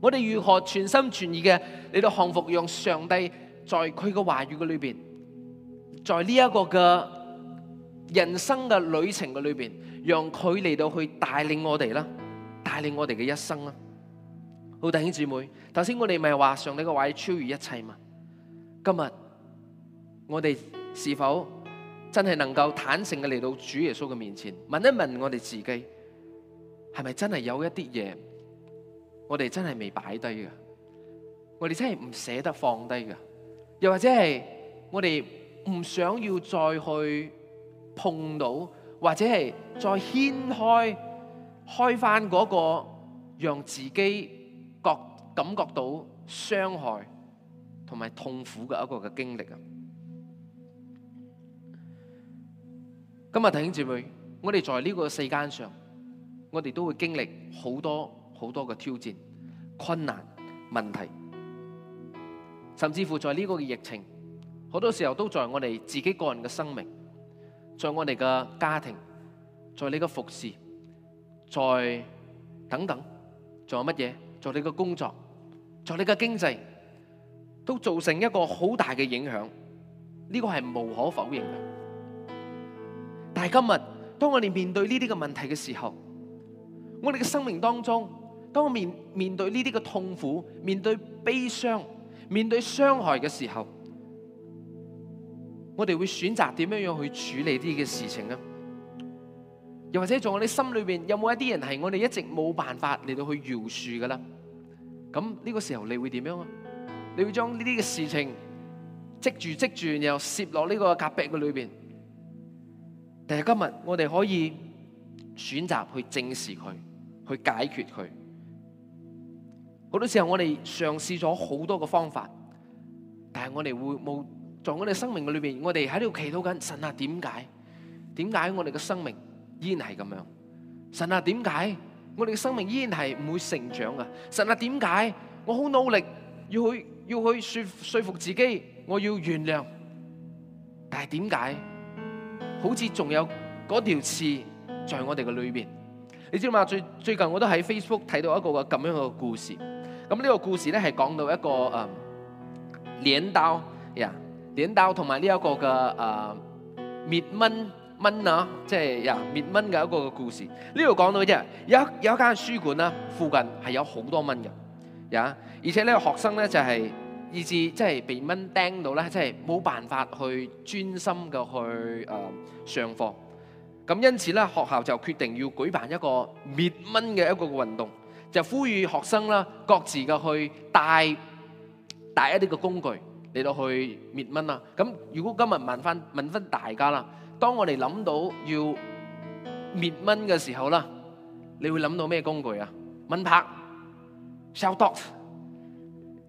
我哋如何全心全意嘅嚟到降服，讓上帝在佢嘅話語嘅裏邊？在呢一個嘅人生嘅旅程嘅裏邊，讓佢嚟到去帶領我哋啦，帶領我哋嘅一生啦。好弟兄姊妹，頭先我哋咪話上帝嘅話超越一切嘛？今日我哋是否真係能夠坦誠嘅嚟到主耶穌嘅面前，問一問我哋自己，係咪真係有一啲嘢，我哋真係未擺低㗎，我哋真係唔捨得放低㗎，又或者係我哋？唔想要再去碰到，或者係再掀開開翻嗰、那個，讓自己覺感覺到傷害同埋痛苦嘅一個嘅經歷啊！今日弟兄姊妹，我哋在呢個世間上，我哋都會經歷好多好多嘅挑戰、困難、問題，甚至乎在呢個嘅疫情。好多時候都在我哋自己個人嘅生命，在我哋嘅家庭，在你嘅服侍，在等等，仲有乜嘢？在你嘅工作，在你嘅經濟，都造成一個好大嘅影響。呢個係無可否認嘅。但係今日，當我哋面對呢啲嘅問題嘅時候，我哋嘅生命當中，當我面面對呢啲嘅痛苦、面對悲傷、面對傷害嘅時候，我哋會選擇點樣樣去處理啲嘅事情啊？又或者仲我哋心裏邊，有冇一啲人係我哋一直冇辦法嚟到去饒恕噶啦？咁呢個時候你會點樣啊？你會將呢啲嘅事情積住積住，然後攝落呢個夾壁嘅裏邊。但係今日我哋可以選擇去正視佢，去解決佢。好多時候我哋嘗試咗好多嘅方法，但係我哋會冇。在我哋生命嘅裏面，我哋喺度祈禱緊，神啊，點解？點解我哋嘅生命依然係咁樣？神啊，點解我哋嘅生命依然係唔會成長啊？神啊，點解我好努力要去要去說說服自己我要原諒，但係點解好似仲有嗰條刺在我哋嘅裏面？你知道嘛？最最近我都喺 Facebook 睇到一個咁樣嘅故事。咁呢個故事咧，係講到一個誒鐮刀呀。點刀同埋呢一個嘅誒滅蚊蚊啊，即係呀滅蚊嘅一個嘅故事。呢度講到嘅啫，有有一間書館啦，附近係有好多蚊嘅，呀！而且呢個學生咧就係以致即係被蚊叮到咧，即係冇辦法去專心嘅去誒上課。咁因此咧學校就決定要舉辦一個滅蚊嘅一個嘅運動，就呼籲學生啦各自嘅去帶帶一啲嘅工具。嚟到去滅蚊啦，咁如果今日問翻問翻大家啦，當我哋諗到要滅蚊嘅時候啦，你會諗到咩工具啊？蚊拍、殺毒，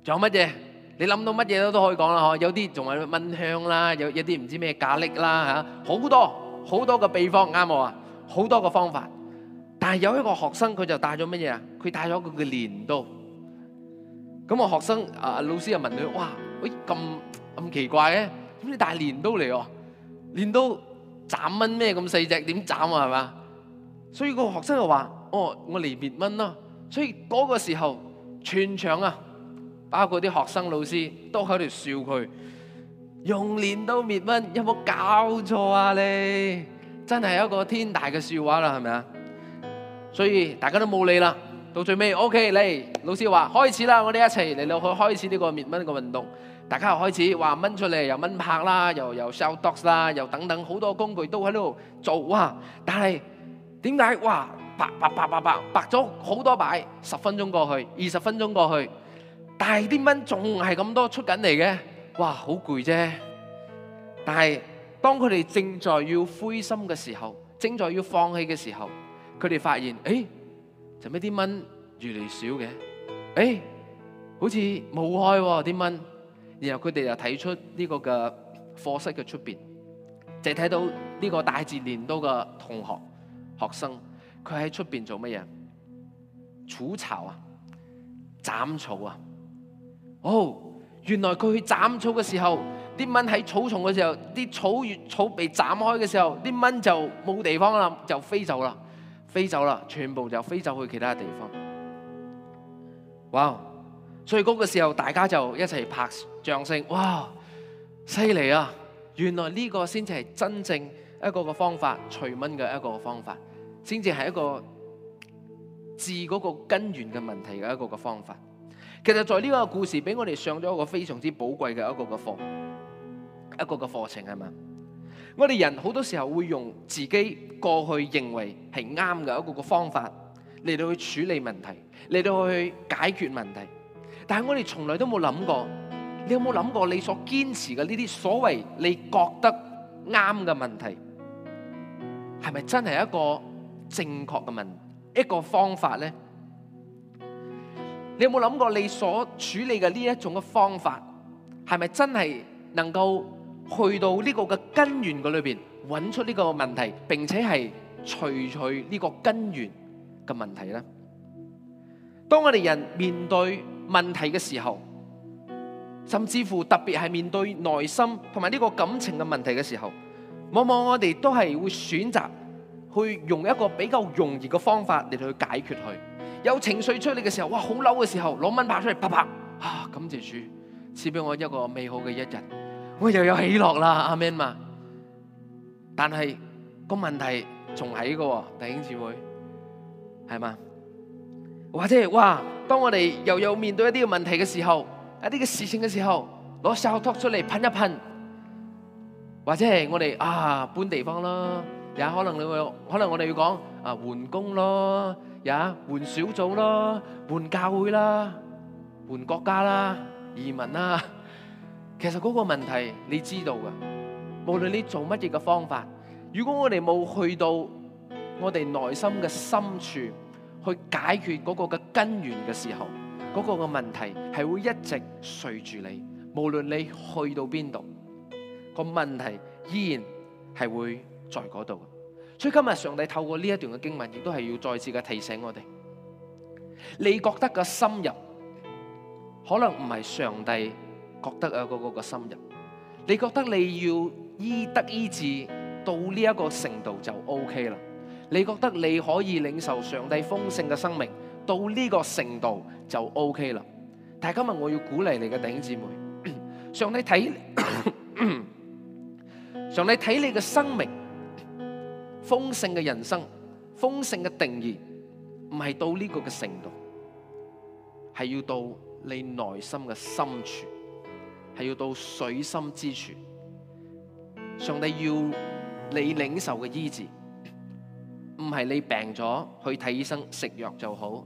仲有乜嘢？你諗到乜嘢都都可以講啦，嗬？有啲仲係蚊香啦，有一啲唔知咩咖喱啦吓，好多好多嘅秘方啱我啊，好多嘅方法。但係有一個學生佢就帶咗乜嘢啊？佢帶咗佢嘅鐮刀。咁個學生啊，老師又問佢：，哇！喂，咁咁奇怪嘅，咁你大鐮都嚟喎？鐮刀斬蚊咩咁細隻？點斬啊？係嘛？所以個學生就話：哦，我嚟滅蚊啦，啊！所以嗰個時候，全場啊，包括啲學生、老師，都喺度笑佢，用鐮刀滅蚊，有冇搞錯啊你？你真係一個天大嘅笑話啦，係咪啊？所以大家都冇理啦。到最尾，OK，嚟，老師話開始啦，我哋一齊嚟落去開始呢個滅蚊嘅運動。大家又開始話蚊出嚟，又蚊拍啦，又又 sell docs 啦，又等等好多工具都喺度做哇！但係點解哇白白白白白白咗好多擺，十分鐘過去，二十分鐘過去，但係啲蚊仲係咁多出緊嚟嘅，哇好攰啫！但係當佢哋正在要灰心嘅時候，正在要放棄嘅時候，佢哋發現誒，做咩啲蚊越嚟越少嘅？誒，好似冇開喎啲蚊。然後佢哋就睇出呢個嘅課室嘅出邊，就睇到呢個大自然度嘅同學學生，佢喺出邊做乜嘢？儲草啊，斬草啊！哦，原來佢去斬草嘅時候，啲蚊喺草叢嘅時候，啲草葉草被斬開嘅時候，啲蚊就冇地方啦，就飛走啦，飛走啦，全部就飛走去其他地方。哇！所以嗰個時候，大家就一齊拍。象聲哇，犀利啊！原來呢個先至係真正一個個方法除蚊嘅一個個方法，先至係一個治嗰個根源嘅問題嘅一個個方法。其實，在呢個故事俾我哋上咗一個非常之寶貴嘅一個個課，一個個課程係嘛？我哋人好多時候會用自己過去認為係啱嘅一個個方法嚟到去處理問題，嚟到去解決問題，但係我哋從來都冇諗過。你有冇諗過你所堅持嘅呢啲所謂你覺得啱嘅問題，係咪真係一個正確嘅問，一個方法呢？你有冇諗過你所處理嘅呢一種嘅方法，係咪真係能夠去到呢個嘅根源嘅裏邊，揾出呢個問題，並且係除除呢個根源嘅問題呢？當我哋人面對問題嘅時候，甚至乎特別係面對內心同埋呢個感情嘅問題嘅時候，往往我哋都係會選擇去用一個比較容易嘅方法嚟到去解決佢。有情緒出嚟嘅時候，哇！好嬲嘅時候，攞蚊拍出嚟，啪啪！啊，感謝主，賜俾我一個美好嘅一日，我又有喜樂啦，阿們嘛。但係個問題仲喺嘅喎，弟兄姊妹，係嘛？或者係哇，當我哋又有面對一啲嘅問題嘅時候。一啲嘅事情嘅時候，攞手托出嚟噴一噴，或者係我哋啊搬地方啦。也可能你會，可能我哋要講啊換工咯，也換小組咯，換教會啦，換國家啦，移民啦。其實嗰個問題你知道㗎，無論你做乜嘢嘅方法，如果我哋冇去到我哋內心嘅深處去解決嗰個嘅根源嘅時候。嗰個嘅問題係會一直隨住你，無論你去到邊度，個問題依然係會在嗰度。所以今日上帝透過呢一段嘅經文，亦都係要再次嘅提醒我哋，你覺得嘅深入，可能唔係上帝覺得啊嗰個嘅深入。你覺得你要醫得醫治到呢一個程度就 OK 啦。你覺得你可以領受上帝豐盛嘅生命。到呢個程度就 OK 啦，但係今日我要鼓勵你嘅弟兄姊妹，上帝睇上帝睇你嘅生命豐盛嘅人生豐盛嘅定義，唔係到呢個嘅程度，係要到你內心嘅深處，係要到水深之處，上帝要你領受嘅醫治，唔係你病咗去睇醫生食藥就好。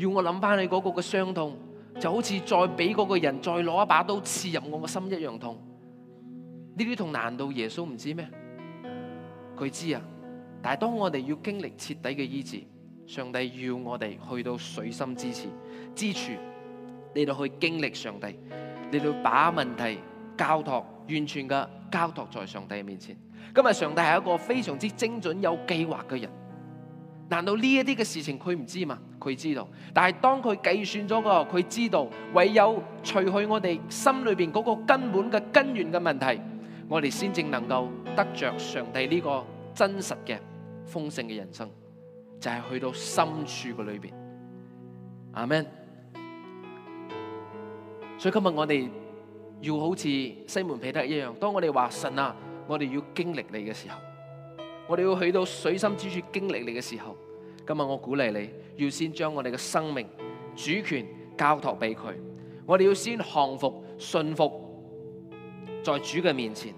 要我諗翻你嗰個嘅傷痛，就好似再俾嗰個人再攞一把刀刺入我個心一樣痛。呢啲痛難道耶穌唔知咩？佢知啊。但係當我哋要經歷徹底嘅醫治，上帝要我哋去到水深之處，之處你哋去經歷上帝，嚟到把問題交託，完全嘅交託在上帝面前。今日上帝係一個非常之精準有計劃嘅人。難道呢一啲嘅事情佢唔知嘛？佢知道，但係當佢計算咗個，佢知道唯有除去我哋心裏邊嗰個根本嘅根源嘅問題，我哋先正能夠得着上帝呢個真實嘅豐盛嘅人生，就係去到深處嘅裏邊。阿門。所以今日我哋要好似西門彼得一樣，當我哋話神啊，我哋要經歷你嘅時候。我哋要去到水深之處經歷你嘅時候，今日我鼓勵你要先將我哋嘅生命主權交託俾佢。我哋要先降服、順服在主嘅面前，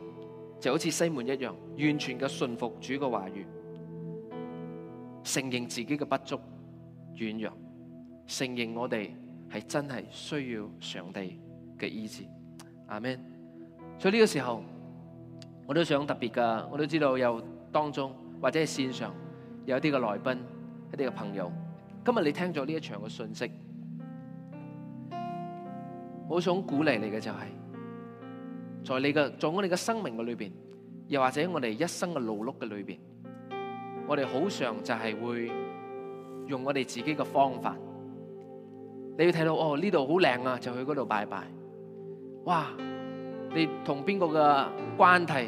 就好似西門一樣，完全嘅順服主嘅話語，承認自己嘅不足、軟弱，承認我哋係真係需要上帝嘅醫治。阿門。所以呢個時候，我都想特別噶，我都知道有。當中或者係線上有啲嘅來賓，一啲嘅朋友，今日你聽咗呢一場嘅信息，我想鼓勵你嘅就係，在你嘅在我哋嘅生命嘅裏邊，又或者我哋一生嘅勞碌嘅裏邊，我哋好常就係會用我哋自己嘅方法，你要睇到哦呢度好靚啊，就去嗰度拜拜。哇，你同邊個嘅關係？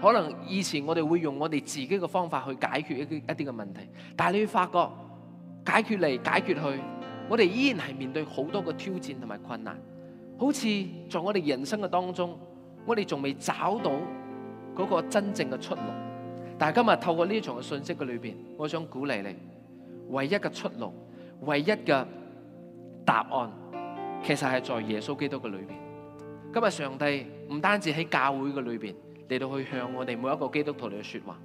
可能以前我哋會用我哋自己嘅方法去解決一啲一啲嘅問題，但係你會發覺解決嚟解決去，我哋依然係面對好多嘅挑戰同埋困難。好似在我哋人生嘅當中，我哋仲未找到嗰個真正嘅出路。但係今日透過呢場嘅信息嘅裏邊，我想鼓勵你，唯一嘅出路，唯一嘅答案，其實係在耶穌基督嘅裏邊。今日上帝唔單止喺教會嘅裏邊。嚟到去向我哋每一個基督徒嚟嘅説話，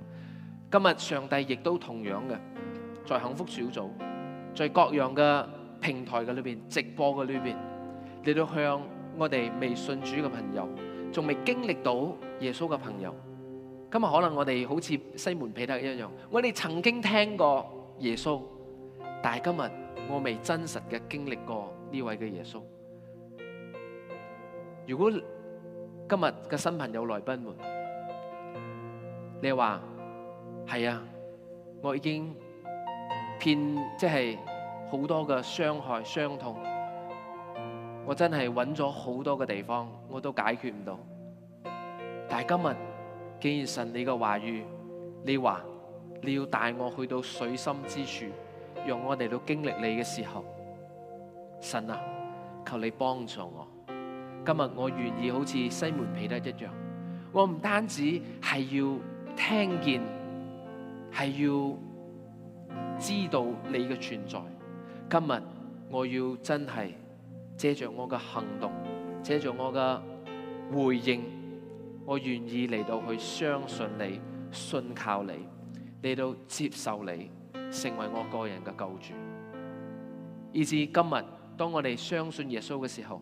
今日上帝亦都同樣嘅，在幸福小組，在各樣嘅平台嘅裏邊直播嘅裏邊，嚟到向我哋未信主嘅朋友，仲未經歷到耶穌嘅朋友，今日可能我哋好似西門彼得一樣，我哋曾經聽過耶穌，但係今日我未真實嘅經歷過呢位嘅耶穌。如果今日嘅新朋友來賓們，你話係啊？我已經遍即係好多嘅傷害、傷痛，我真係揾咗好多嘅地方，我都解決唔到。但係今日，既然神你嘅話語，你話你要帶我去到水深之處，讓我哋都經歷你嘅時候，神啊，求你幫助我。今日我願意好似西門彼得一樣，我唔單止係要聽見，係要知道你嘅存在。今日我要真係借着我嘅行動，借着我嘅回應，我願意嚟到去相信你，信靠你，嚟到接受你，成為我個人嘅救主。以至今日，當我哋相信耶穌嘅時候。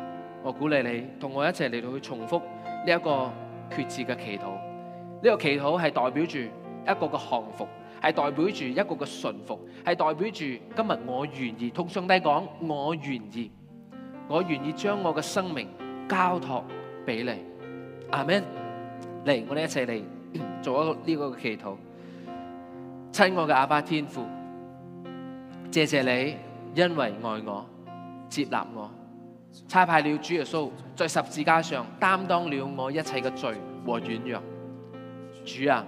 我鼓勵你同我一齊嚟到去重複呢一個決志嘅祈禱。呢個祈禱係代表住一個嘅降服，係代表住一個嘅順服，係代表住今日我願意同上帝講，我願意，我願意將我嘅生命交託俾你。阿們，嚟，我哋一齊嚟做一個呢個嘅祈禱。親愛嘅阿爸天父，謝謝你因為愛我接納我。差派了主耶穌在十字架上擔當了我一切嘅罪和軟弱。主啊，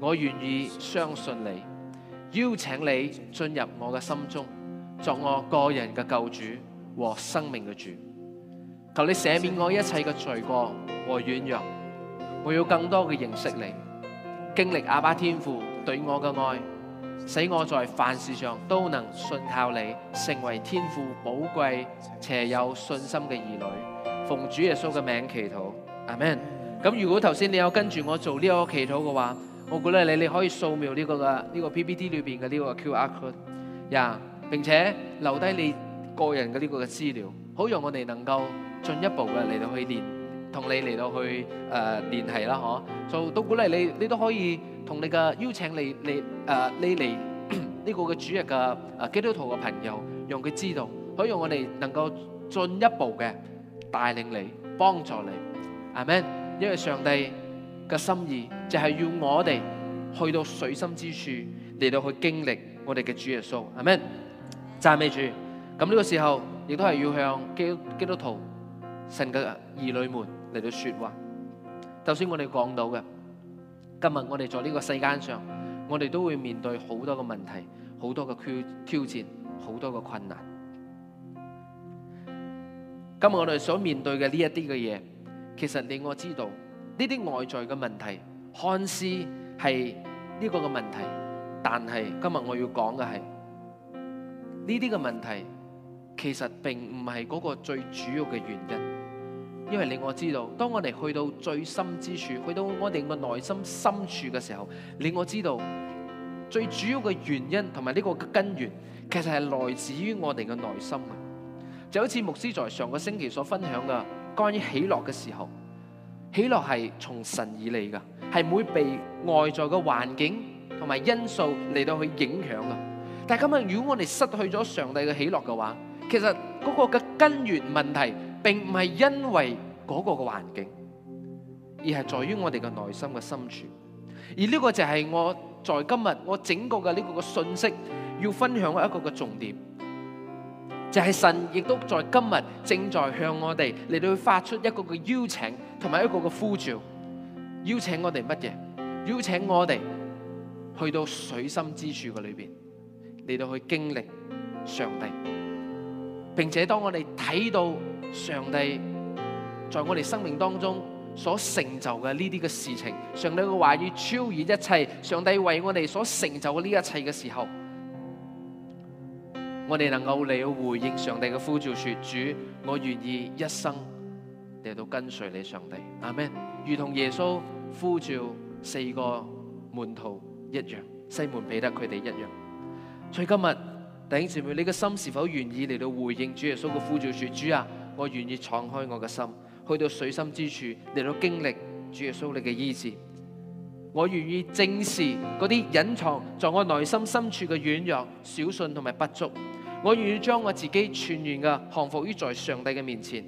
我願意相信你，邀請你進入我嘅心中，作我個人嘅救主和生命嘅主。求你赦免我一切嘅罪過和軟弱。我要更多嘅認識你，經歷阿巴天父對我嘅愛。使我在凡事上都能信靠你，成為天父寶貴且有信心嘅兒女。奉主耶穌嘅名祈禱，阿門，咁如果頭先你有跟住我做呢個祈禱嘅話，我鼓勵你，你可以掃描呢個嘅呢、呢個 PPT 裏邊嘅呢個 QR code 呀，yeah, 並且留低你個人嘅呢個嘅資料，好讓我哋能夠進一步嘅嚟到去連同你嚟到去誒聯繫啦，嗬、呃。做，so, 都鼓勵你，你都可以。同你嘅邀請，你嚟，誒，你嚟呢個嘅主日嘅誒基督徒嘅朋友，讓佢知道，可以令我哋能夠進一步嘅帶領你，幫助你，阿門。因為上帝嘅心意就係要我哋去到水深之處嚟到去經歷我哋嘅主耶穌，阿門。讚美主。咁呢個時候亦都係要向基基督徒神嘅兒女們嚟到說話。頭先我哋講到嘅。今日我哋在呢個世間上，我哋都會面對好多嘅問題、好多嘅挑挑戰、好多嘅困難。今日我哋所面對嘅呢一啲嘅嘢，其實令我知道呢啲外在嘅問題看似係呢個嘅問題，但係今日我要講嘅係呢啲嘅問題，其實並唔係嗰個最主要嘅原因。因為令我知道，當我哋去到最深之處，去到我哋個內心深處嘅時候，令我知道最主要嘅原因同埋呢個根源，其實係來自於我哋嘅內心嘅。就好似牧師在上個星期所分享嘅關於喜樂嘅時候，喜樂係從神而嚟嘅，係唔會被外在嘅環境同埋因素嚟到去影響嘅。但係今日如果我哋失去咗上帝嘅喜樂嘅話，其實嗰個嘅根源問題。並唔係因為嗰個嘅環境，而係在於我哋嘅內心嘅深處。而呢個就係我在今日我整個嘅呢個嘅信息要分享嘅一個嘅重點，就係、是、神亦都在今日正在向我哋嚟到去發出一個嘅邀請同埋一個嘅呼召，邀請我哋乜嘢？邀請我哋去到水深之處嘅裏邊嚟到去經歷上帝。並且當我哋睇到上帝在我哋生命當中所成就嘅呢啲嘅事情，上帝嘅話語超越一切，上帝為我哋所成就嘅呢一切嘅時候，我哋能夠嚟到回應上帝嘅呼召說，說主，我願意一生嚟到跟隨你，上帝，阿門。如同耶穌呼召四個門徒一樣，西門彼得佢哋一樣。所以今日。弟兄姊妹，你嘅心是否願意嚟到回應主耶穌嘅呼召說：主啊，我願意敞開我嘅心，去到水深之處嚟到經歷主耶穌你嘅醫治。我願意正視嗰啲隱藏在我內心深處嘅軟弱、小信同埋不足。我願意將我自己全然嘅降服於在上帝嘅面前，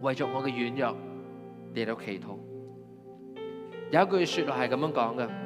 為着我嘅軟弱嚟到祈禱。有一句說話係咁樣講嘅。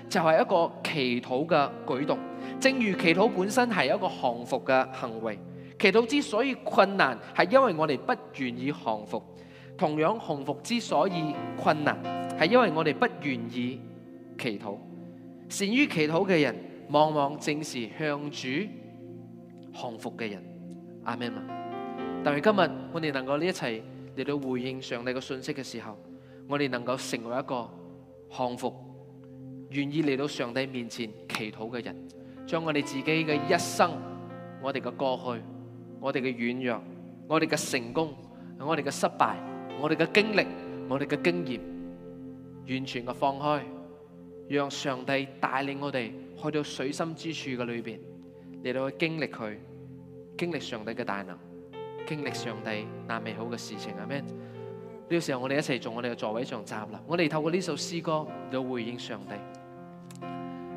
就係一個祈禱嘅舉動，正如祈禱本身係一個降服嘅行為。祈禱之所以困難，係因為我哋不願意降服；同樣降服之所以困難，係因為我哋不願意祈禱。善於祈禱嘅人，往往正是向主降服嘅人。阿門啊！但係今日我哋能夠呢一齊嚟到回應上帝嘅信息嘅時候，我哋能夠成為一個降服。願意嚟到上帝面前祈禱嘅人，將我哋自己嘅一生、我哋嘅過去、我哋嘅軟弱、我哋嘅成功、我哋嘅失敗、我哋嘅經歷、我哋嘅經驗，完全嘅放開，讓上帝帶領我哋去到水深之處嘅裏邊，嚟到去經歷佢，經歷上帝嘅大能，經歷上帝那美好嘅事情，阿門。呢個時候我哋一齊坐我哋嘅座位上站啦，我哋透過呢首詩歌嚟到回應上帝。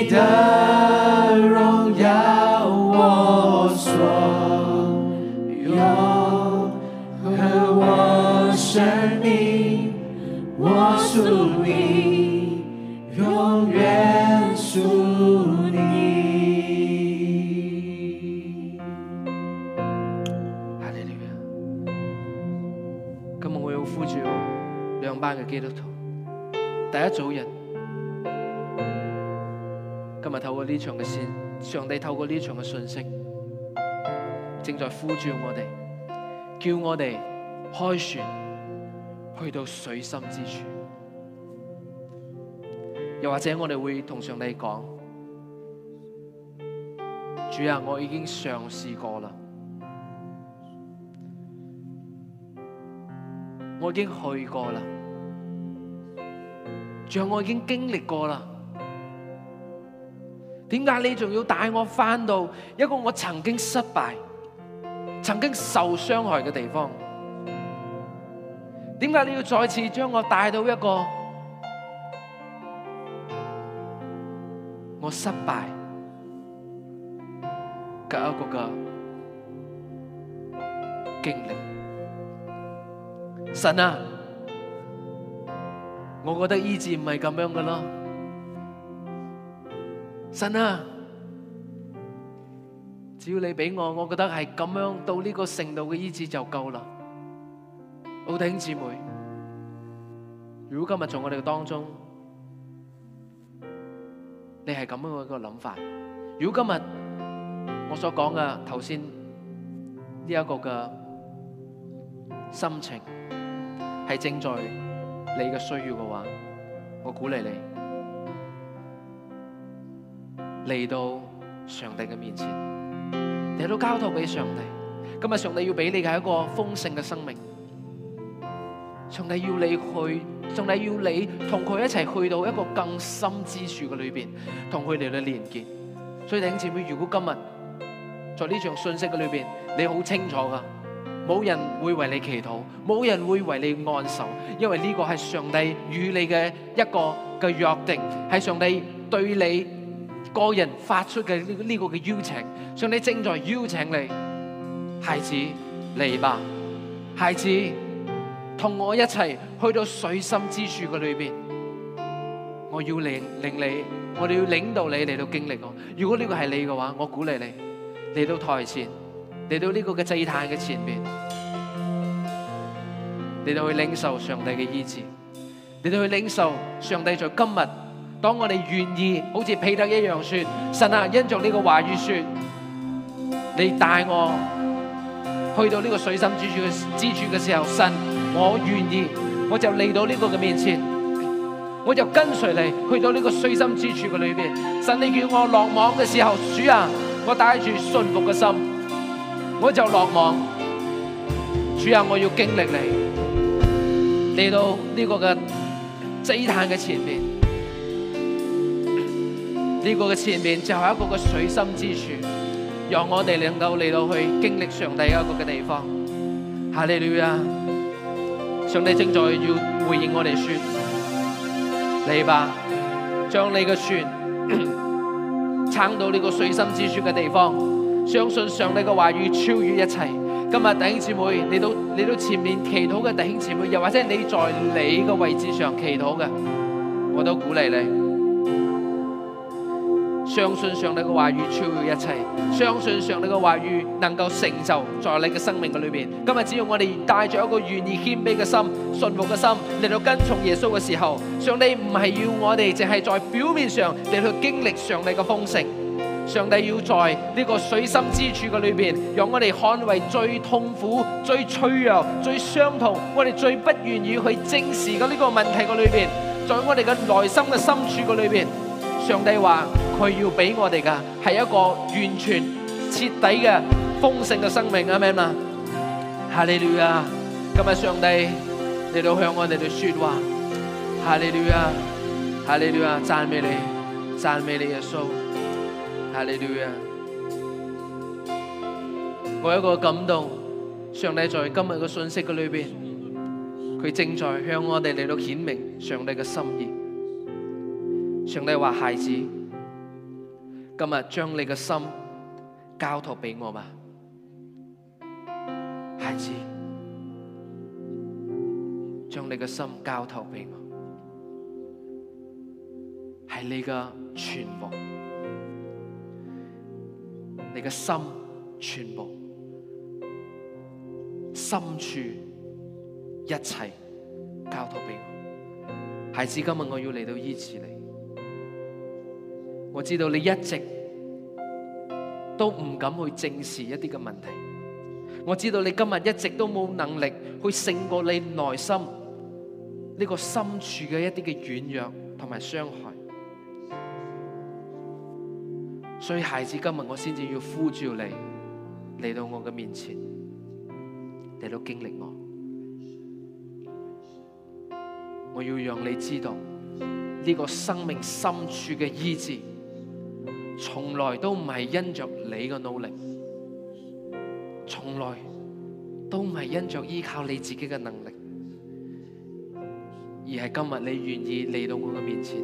阿利利，你今日我要服侍兩班嘅基督徒，第一組人。呢場嘅信，上帝透過呢場嘅信息，正在呼召我哋，叫我哋開船去到水深之處。又或者我哋會同上帝講：主啊，我已經嘗試過啦，我已經去過啦，像、啊、我已經經歷過啦。點解你仲要帶我返到一個我曾經失敗、曾經受傷害嘅地方？點解你要再次將我帶到一個我失敗嘅一個嘅經歷？神啊，我覺得醫治唔係咁樣嘅咯。神啊，只要你俾我，我覺得係咁樣到呢個程度嘅醫治就夠啦。我弟兄姊妹，如果今日在我哋嘅當中，你係咁樣一個諗法，如果今日我所講嘅頭先呢一個嘅心情係正在你嘅需要嘅話，我鼓勵你。嚟到上帝嘅面前，嚟到交託俾上帝。今日上帝要俾你嘅一個豐盛嘅生命，上帝要你去，上帝要你同佢一齊去到一個更深之處嘅裏邊，同佢哋去連結。所以弟兄姊妹，如果今日在呢場信息嘅裏邊，你好清楚㗎，冇人會為你祈禱，冇人會為你按手，因為呢個係上帝與你嘅一個嘅約定，係上帝對你。個人發出嘅呢個嘅邀請，上帝正在邀請你，孩子嚟吧，孩子同我一齊去到水深之處嘅裏邊。我要領領你，我哋要領導你嚟到經歷我。如果呢個係你嘅話，我鼓勵你嚟到台前，嚟到呢個嘅祭壇嘅前面，你哋去領受上帝嘅意志，你哋去領受上帝在今日。當我哋願意好似彼得一樣說，神啊，因着呢個話語說，你帶我去到呢個水深之處嘅之處嘅時候，神，我願意，我就嚟到呢個嘅面前，我就跟隨你去到呢個水深之處嘅裏邊。神，你叫我落網嘅時候，主啊，我帶住信服嘅心，我就落網。主啊，我要經歷你，嚟到呢個嘅祭壇嘅前面。呢個嘅前面就係一個嘅水深之處，讓我哋能夠嚟到去經歷上帝的一個嘅地方。哈利路亞！上帝正在要回應我哋說：嚟吧，將你嘅船撐到呢個水深之處嘅地方。相信上帝嘅話語超越一切。今日弟兄姊妹嚟到嚟到前面祈禱嘅弟兄姊妹，又或者你在你嘅位置上祈禱嘅，我都鼓勵你。相信上帝嘅話語超越一切，相信上帝嘅話語能夠成就在你嘅生命嘅裏邊。今日只要我哋帶住一個願意謙卑嘅心、信服嘅心嚟到跟從耶穌嘅時候，上帝唔係要我哋淨係在表面上嚟去經歷上帝嘅豐盛，上帝要在呢個水深之處嘅裏邊，讓我哋看為最痛苦、最脆弱、最傷痛，我哋最不願意去正視嘅呢個問題嘅裏邊，在我哋嘅內心嘅深處嘅裏邊。上帝話佢要俾我哋嘅係一個完全徹底嘅豐盛嘅生命啊！阿們？哈利路亞！今日上帝嚟到向我哋說話，哈利路亞，哈利路亞，讚美你，讚美你耶穌，哈利路亞！我有一個感動，上帝在今日嘅信息嗰裏邊，佢正在向我哋嚟到顯明上帝嘅心意。上帝話：孩子，今日將你嘅心交託俾我吧。孩子，將你嘅心交託俾我，係你嘅全部，你嘅心全部，深處一切交託俾我。孩子，今日我要嚟到醫治你。我知道你一直都唔敢去正視一啲嘅問題，我知道你今日一直都冇能力去勝過你內心呢個深處嘅一啲嘅軟弱同埋傷害，所以孩子今日，我先至要呼召你嚟到我嘅面前，嚟到經歷我，我要讓你知道呢個生命深處嘅醫治。從來都唔係因着你嘅努力，從來都唔係因着依靠你自己嘅能力，而係今日你願意嚟到我嘅面前，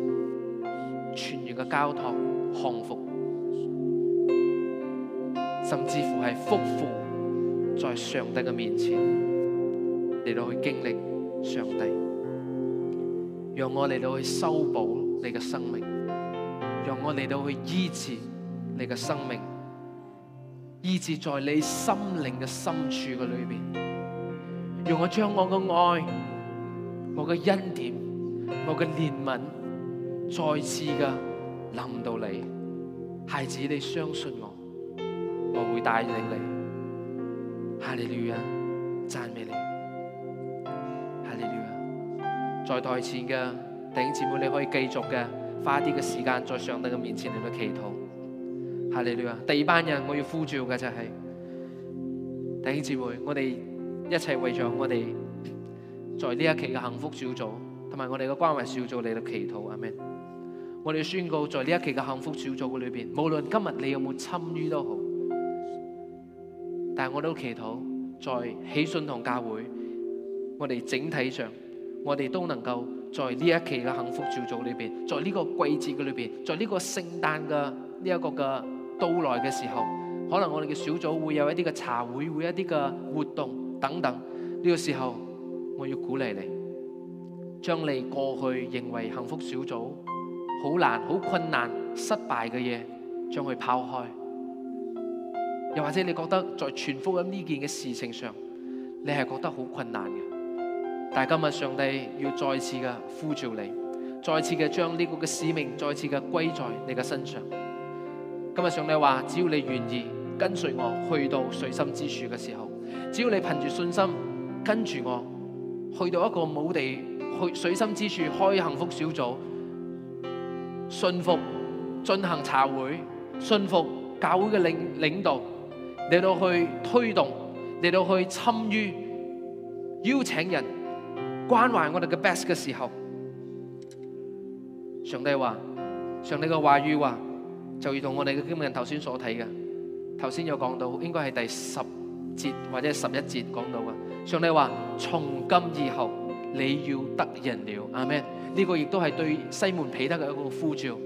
全然嘅交託、降服，甚至乎係俯伏在上帝嘅面前嚟到去經歷上帝，讓我嚟到去修補你嘅生命。讓我嚟到去醫治你嘅生命，醫治在你心靈嘅深處嘅裏邊。讓我將我嘅愛、我嘅恩典、我嘅憐憫，再次嘅臨到你。孩子，你相信我，我會帶領你。哈利路亞，讚美你。哈利路亞，在台前嘅弟兄姊妹，你可以繼續嘅。花啲嘅時間在上帝嘅面前嚟到祈禱。哈利路亞！第二班人，我要呼召嘅就係、是，弟兄姊妹，我哋一切為咗我哋在呢一期嘅幸福小組，同埋我哋嘅關懷小組嚟到祈禱。阿門！我哋宣告，在呢一期嘅幸福小組嘅裏邊，無論今日你有冇參與都好，但係我都祈禱，在喜訊同教會，我哋整體上，我哋都能夠。在呢一期嘅幸福小組裏邊，在呢個季節嘅裏邊，在呢個聖誕嘅呢一個嘅到來嘅時候，可能我哋嘅小組會有一啲嘅茶會，會有一啲嘅活動等等。呢個時候，我要鼓勵你，將你過去認為幸福小組好難、好困難、失敗嘅嘢，將佢拋開。又或者你覺得在傳福音呢件嘅事情上，你係覺得好困難嘅。但今日上帝要再次嘅呼召你，再次嘅將呢個嘅使命再次嘅歸在你嘅身上。今日上帝話：只要你願意跟隨我，去到水深之處嘅時候，只要你憑住信心跟住我，去到一個冇地去水深之處開幸福小組，信服進行茶會，信服教會嘅領領導，嚟到去推動，嚟到去參與，邀請人。關懷我哋嘅 best 嘅時候，上帝話：上帝嘅話語話，就如同我哋嘅經文頭先所睇嘅，頭先有講到，應該係第十節或者係十一節講到嘅。上帝話：從今以後，你要得人了，Amen。呢個亦都係對西門彼得嘅一個呼召。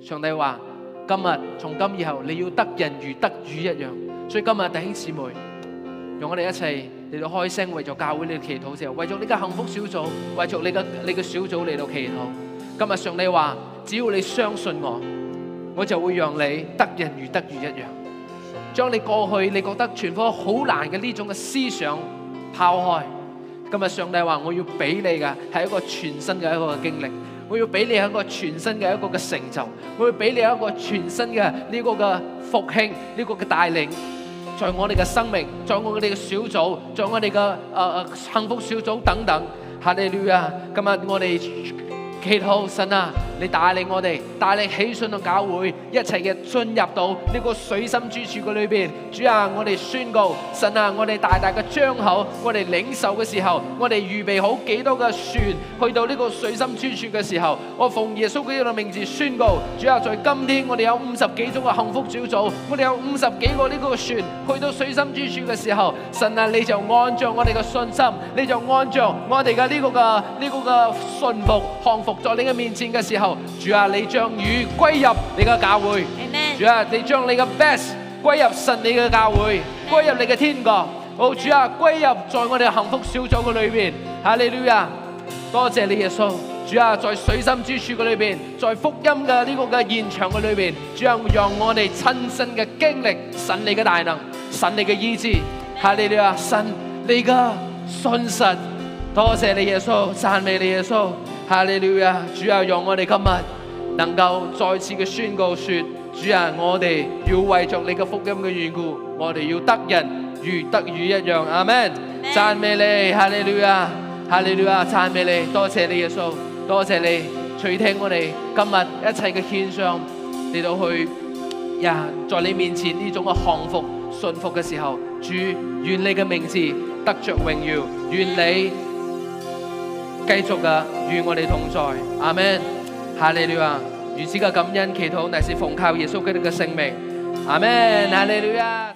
上帝話：今日從今以後，你要得人如得魚一樣。所以今日弟兄姊妹，讓我哋一齊。你到開聲，為咗教會你嘅祈禱時候，為咗你嘅幸福小組，為咗你嘅你嘅小組嚟到祈禱。今日上帝話：只要你相信我，我就會讓你得人如得魚一樣。將你過去你覺得全部好難嘅呢種嘅思想拋開。今日上帝話：我要俾你嘅係一個全新嘅一個嘅經歷，我要俾你一個全新嘅一個嘅成就，我要俾你一個全新嘅呢個嘅復興，呢個嘅帶領。在我哋嘅生命，在我哋嘅小組，在我哋嘅誒幸福小組等等，哈利路亞！今日我哋。祈禱神啊，你帶領我哋，大力起信同教會，一齊嘅進入到呢個水深之處嘅裏邊。主啊，我哋宣告，神啊，我哋大大嘅張口，我哋領受嘅時候，我哋預備好幾多嘅船去到呢個水深之處嘅時候，我奉耶穌嘅呢個名字宣告，主啊，在今天我哋有五十幾種嘅幸福小組，我哋有五十幾個呢個船去到水深之處嘅時候，神啊，你就按着我哋嘅信心，你就按着我哋嘅呢個嘅呢個嘅信服，幸福。在你嘅面前嘅時候，主啊，你將魚歸入你嘅教會；主啊，你將你嘅 best 歸入神你嘅教會，歸入你嘅天國。好，主啊，歸入在我哋幸福小組嘅裏邊。哈利路亞，多謝你耶穌。主啊，在水深之處嘅裏邊，在福音嘅呢個嘅現場嘅裏邊，主啊，讓我哋親身嘅經歷神你嘅大能，神你嘅意志。哈利路亞，神你嘅信實，多謝你耶穌，讚美你耶穌。哈利路亞，主啊，讓我哋今日能夠再次嘅宣告說，主啊，我哋要為着你嘅福音嘅緣故，我哋要得人如得魚一樣，阿門。讚美你，哈利路亞，哈利路亞，讚美你。多謝你耶穌，多謝你垂聽我哋今日一切嘅獻上嚟到去，呀，在你面前呢種嘅降服順服嘅時候，主願你嘅名字得着榮耀，願你。繼續的與我哋同在，阿門。哈利路亞，如此嘅感恩祈禱，乃是奉靠耶穌基督嘅聖名，阿門。哈利路亞。